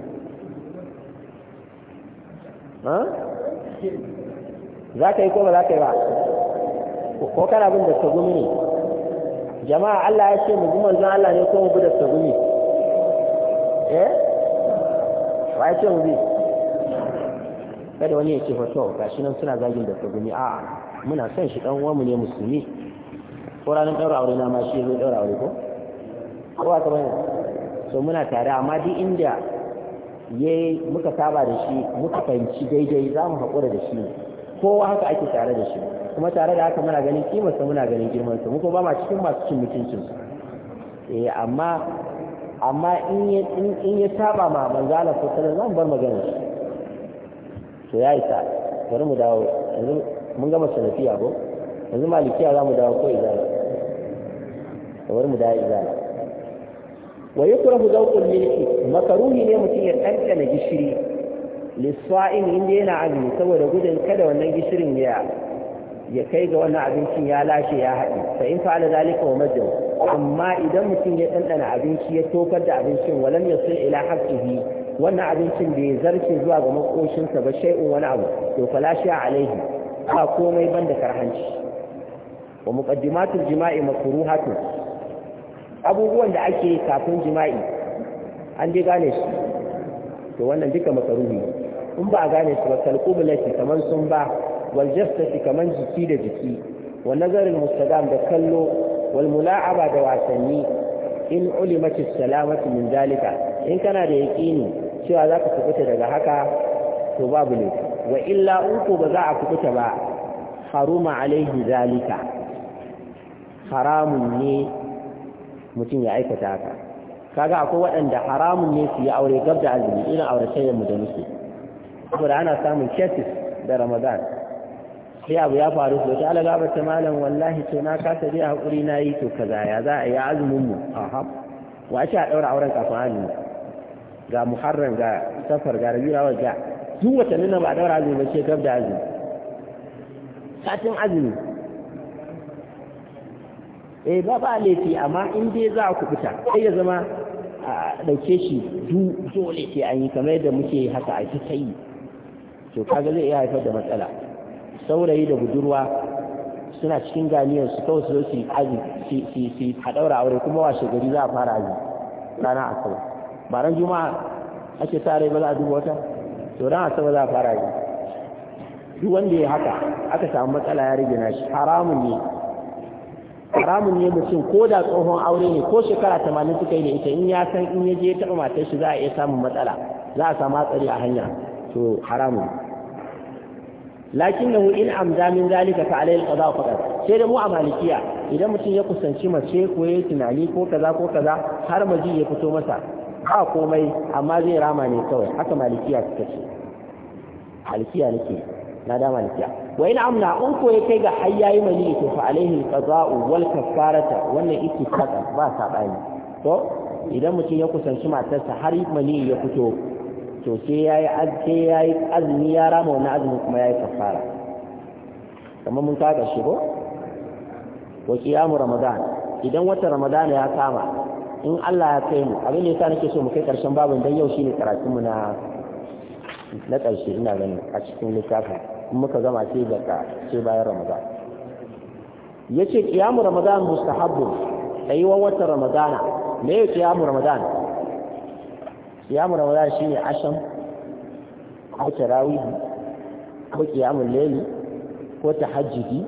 za ka yi ko ba za ka yi ba ko kana bin da tagumi ne jama'a Allah ya ce mu bi Allah ne ko mu bi da tagumi eh wa ya ce mu bi kada wani ya ce fa to gashi nan suna zagin da tagumi a'a muna son shi dan uwanmu ne musulmi ko ranar daura aure na ma shi zai daura aure ko ko aka bane so muna tare amma duk inda yayi muka saba da shi muka fahimci daidai za mu haƙura da shi ne kowa haka ake tare da shi kuma tare da haka muna ganin kimarsa muna ganin girmansa mu ba ma cikin masu cin mutuncinsa eh amma amma in ya saba ma manzo Allah ko sallallahu zan bar magana shi to ya isa bari mu dawo yanzu mun gama salafiya ko yanzu malikiya za mu dawo ko izala bari mu dawo idan wa yukrahu dawqul milki makruhi ne mutum ya ɗanɗana gishiri lissa'in inda yana azumi saboda gudun kada wannan gishirin ya ya kai ga wannan abincin ya lashe ya haɗi fa in fa'ala zalika wa majal amma idan mutum ya ɗanɗana abinci ya tokar da abincin walam yasil ila haqqihi wannan abincin bai zarce zuwa ga makoshinsa ba shay'un wani abu to fala sha alaihi ba komai banda karhanci wa muqaddimatul jima'i makruhatun abubuwan da ake kafin jima'i an dai gane shi to wannan duka makaruhi in ba a gane su ba kalqumlati kaman sun ba wal jassati kamar jiki da jiki wa nazarin mustadam da kallo wal mula'aba da wasanni in ulimati salamatu min zalika in kana da yaqini cewa za ka kubuta daga haka to babu ne wa illa uku ba za a kubuta ba haruma alaihi zalika haramun ne mutum ya aikata haka kaga akwai waɗanda haramun ne su yi aure gab da azumi irin auratayyar mu da muke saboda ana samun kyatis da ramadan sai abu ya faru su ta alaga bata malam wallahi to na kasa je hakuri na yi to kaza ya za a yi azumin mu aha wa shi a ɗaura auren kafin azumi ga muharram ga safar ga rawar ga duk watannin nan ba a ɗaura azumi ba ce gab da azumi satin azumi eh ba ba laifi amma in dai za a kubuta sai ya zama a ɗauke shi dole sai an yi kamar yadda muke haka a ta yi to kaga zai iya haifar da matsala saurayi da budurwa suna cikin ganiyar su kawai su zo su aji su a daura aure kuma washe gari za a fara aji rana asabar ba ran juma'a ake sa rai ba za a duba wata to ran asabar za a fara aji duk wanda ya haka aka samu matsala ya rage nashi haramun ne haramun ne mutum ko da tsohon aure ne ko shekara tamanin suka yi da ita in ya san in ya je taɓa matar shi za a iya samun matsala za a samu hatsari a hanya to haramun nahu in amza min zalika fa alayhi alqada faqat sai da mu a malikiya idan mutum ya kusanci mace ko ya tunani ko kaza ko kaza har maji ya fito masa ba komai amma zai rama ne kawai haka malikiya suka ce malikiya nake na da malikiya wa in amna in ko ya kai ga hayyayi mali to fa alaihi alqada wal kafarata wannan ittifaqan ba sabani to idan mutum ya kusanci matarsa har mali ya fito to sai ya yi azumi ya rama wani azumi kuma ya yi kafara kamar mun kaga shi ko wa qiyamu ramadan idan wata ramadan ya kama in Allah ya kai mu abin da yasa nake so mu kai karshen babin dan yau shine karatun mu na na karshe ina ganin a cikin littafin in muka gama sai daga sai bayan ramadan yace qiyamu ramadan mustahabbu wa wata ramadana me ya qiyamu ramadan kiyamun ramadan shine asham ko tarawihi ko kiyamun layli ko tahajjudi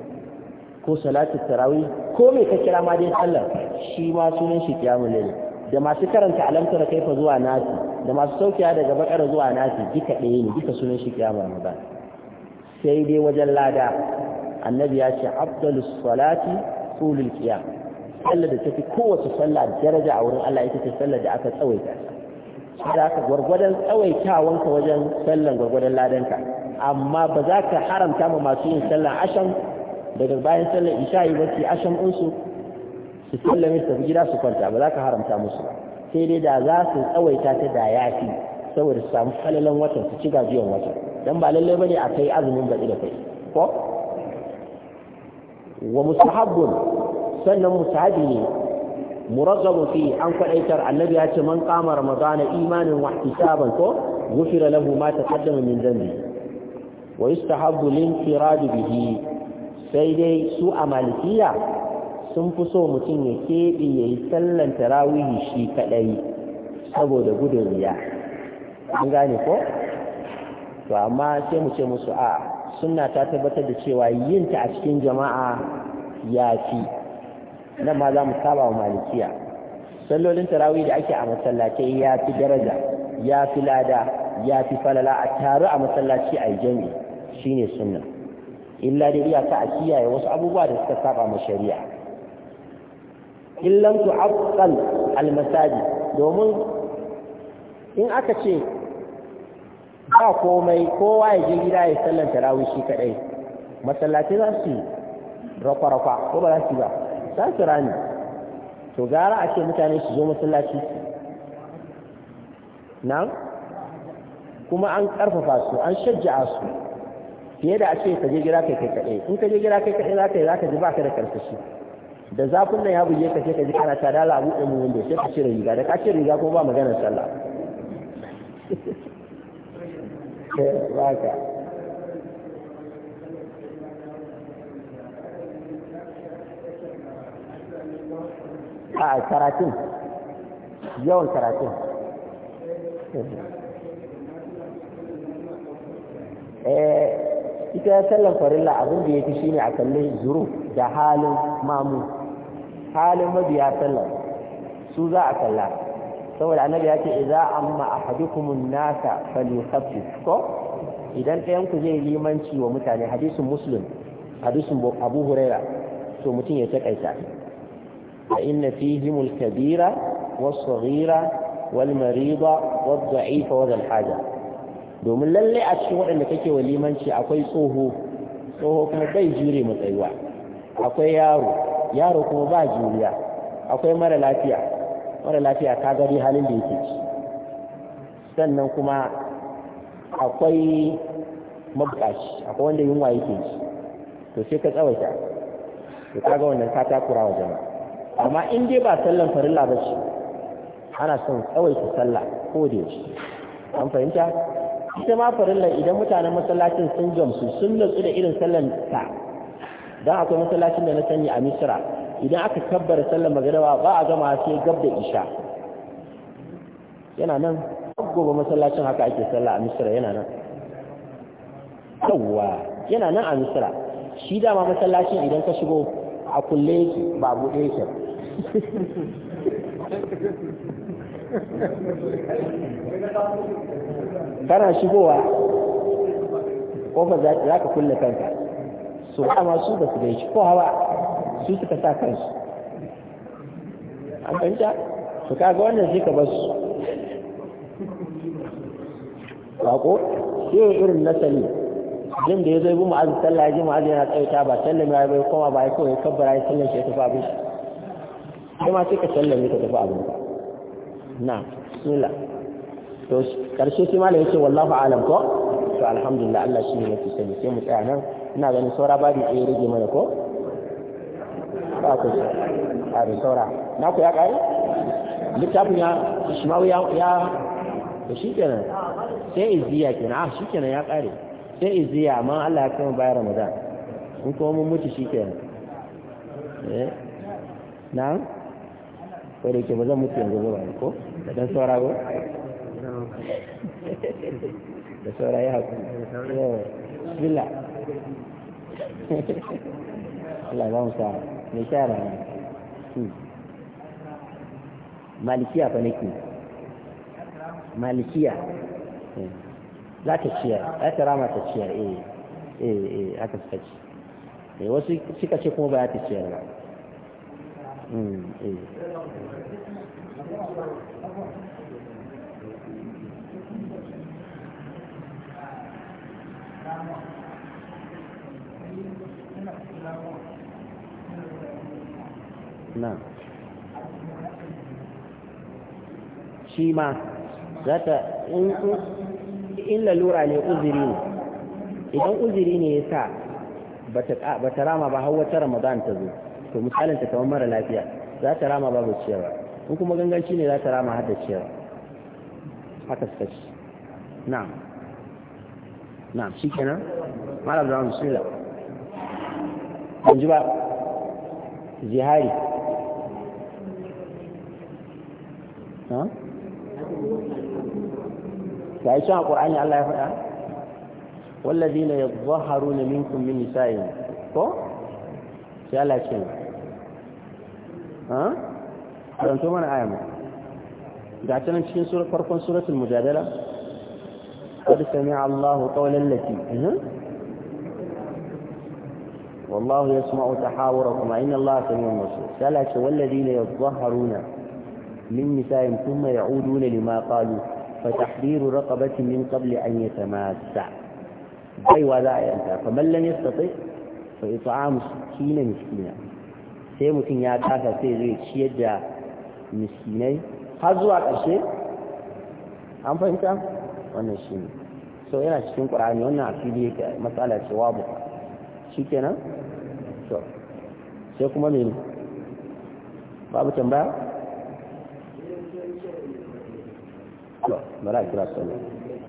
ko salatu tarawih ko me ka kira ma dai sallar shi ma sunan shi kiyamun da masu karanta alamtar kaifa zuwa nasi da masu sauƙiya daga bakara zuwa nasi duka ɗaya ne duka sunan shi kiyamun ramadan sai dai wajen lada annabi ya ce afdalus salati tulul qiyam sallar da tafi kowace sallah daraja a wurin Allah ita ce sallar da aka tsawaita za ka gwargwadon tsawaitawanka wajen sallan gwargwadon ladanka amma ba za ka haramta ma masu yin sallan asham daga bayan sallan isha'i ba su asham ɗinsu su sallame su tafi gida su kwanta ba za ka haramta musu sai dai da za su tsawaita ta da yafi saboda su samu falalan watan su ci gajiyan watan dan ba lallai bane a kai azumin baɗi da kai ko wa mustahabbun sannan mustahabi ne mu fi an kwadaitar annabi ya ce man qama ramadana imanin wa ihtisaban ko ghufira lahu ma taqaddama min dhanbi wa yustahabbu linfirad bihi sai dai su a malikiya sun fi so mutum ya keɓe ya yi sallan tarawihi shi kaɗai saboda gudun riya an gane ko to amma sai mu ce musu a sunna ta tabbatar da cewa yinta a cikin jama'a ya fi nan ma za mu saba wa malikiya sallolin tarawi da ake a masallaci ya fi daraja ya fi lada ya fi falala a taru a masallaci a jami shine sunna illa dai ta a kiyaye wasu abubuwa da suka saba ma shari'a illan tu'aqqal al-masajid domin in aka ce ba komai kowa ya je gida ya sallan tarawih shi kadai masallaci za su rakwa-rakwa ko ba za su ba ta kira ni to gara a ce mutane su zo masallaci na kuma an karfafa su an shajja'a su fiye da a ce ka je gida kai kai kaɗai in ka je gida kai kaɗai za ka yi za ka ji ba ka da karfashi da zafin nan ya buje ka ce ka ji kana tada da buɗe mu wanda sai ka cire riga da ka cire riga kuma ba maganar sallah [laughs] eh, ba ka a karatun yawan karatun eh, ita sallan farilla abin da ya fi shi ne a kalli zuru da halin mamu halin mabiya sallan su za a kalla saboda annabi ya ce idza amma ahadukumun nasa falyusaffif ko idan ɗayan ku zai limanci wa mutane hadisin muslim hadisin abu huraira to mutum ya taƙaita فإن فيهم الكبير والصغير والمريض والضعيف وذا الحاجة domin lallai a cikin waɗanda kake walimanci akwai tsoho tsoho kuma bai jure matsayuwa akwai yaro yaro kuma ba juriya akwai mara lafiya mara lafiya ka gari halin da yake ci sannan kuma akwai mabukaci akwai wanda yunwa yake ci to sai ka tsawaita to kaga wannan ka wa jama'a amma in dai ba sallan farilla ba ce ana son ta sallah ko da yaushe an fahimta ita ma farilla idan mutanen masallacin sun gamsu sun nutsu da irin sallan ta dan akwai masallacin da na sani a misra idan aka kabbara sallan magariba ba a gama sai gab da isha yana nan gobe masallacin haka ake sallah a misra yana nan yawwa yana nan a misra shi dama masallacin idan ka shigo a kulle yake ba buɗe yake [laughs] kana shigowa kofar za ka kulle kanka su ma su ba su gai shi ko hawa su suka sa kansu an fahimta su kaga wannan shi ka basu bako sai irin nasali jin da ya zai bi mu'azu sallah ya ji mu'azu yana tsayuta ba sallah ya bai koma ba ya kawai kabbara ya sallah shi ya tafi abin shi kuma sai ka sallame ka tafi abin ka na bismillah to karshe shi malamin ce wallahu alam ko to alhamdulillah Allah shi ne yake sani sai mu tsaya nan ina ganin saura babu yi rage mana ko ba ku a da saura na ku ya kare? littafin ya ishmawu ya ya to shi kenan sai iziya kenan a ah, shi kenan ya kare sai iziya amma Allah ya kama bayan ramadan in kuma mun mutu shi kenan eh na'am ko da yake ba zan mutu yanzu ba ko da dan saura ba da saura ya haku bismillah Allah ba mu sa me shara ne hmm. malikiya fa nake malikiya hmm. za ta ciyar za ta rama ta ciyar eh eh eh aka suka ci eh, wasu suka ce kuma ba ya ta ciyar ba na shi ma za ta in lalura ne uziri ne idan uziri ne ya sa ba ta rama ba hau wata ramadan ta zo to misalin ta kamar mara lafiya za ta rama babu ciyarwa in kuma ganganci ne za ta rama har da ciyarwa haka suka ci na'am na'am shikenan malam da bismillah ban ji ba zihari ha ga shi a ƙorani Allah ya faɗa wallazina yadhharuna minkum min nisa'ihim ko sai Allah ya ce ها؟ karanto mana aya mu da ta nan cikin surar farkon suratul mujadala qad sami'a Allahu qawlan lati والله يسمع تحاوركم إن الله سميع بصير سألك والذين يظهرون من نسائهم ثم يعودون لما قالوا فتحرير رقبة من قبل أن يتماسع أي أيوة، وذائع فمن لم يستطع فإطعام ستين مسكينا sai mutum ya kasa sai zai ciyar da miskinai har zuwa ƙarshe an fahimta wannan shi ne so yana cikin ƙwararri wannan a fili yake matsala ce wabu shi kenan so sai kuma mene babu tambaya to bara kira sallah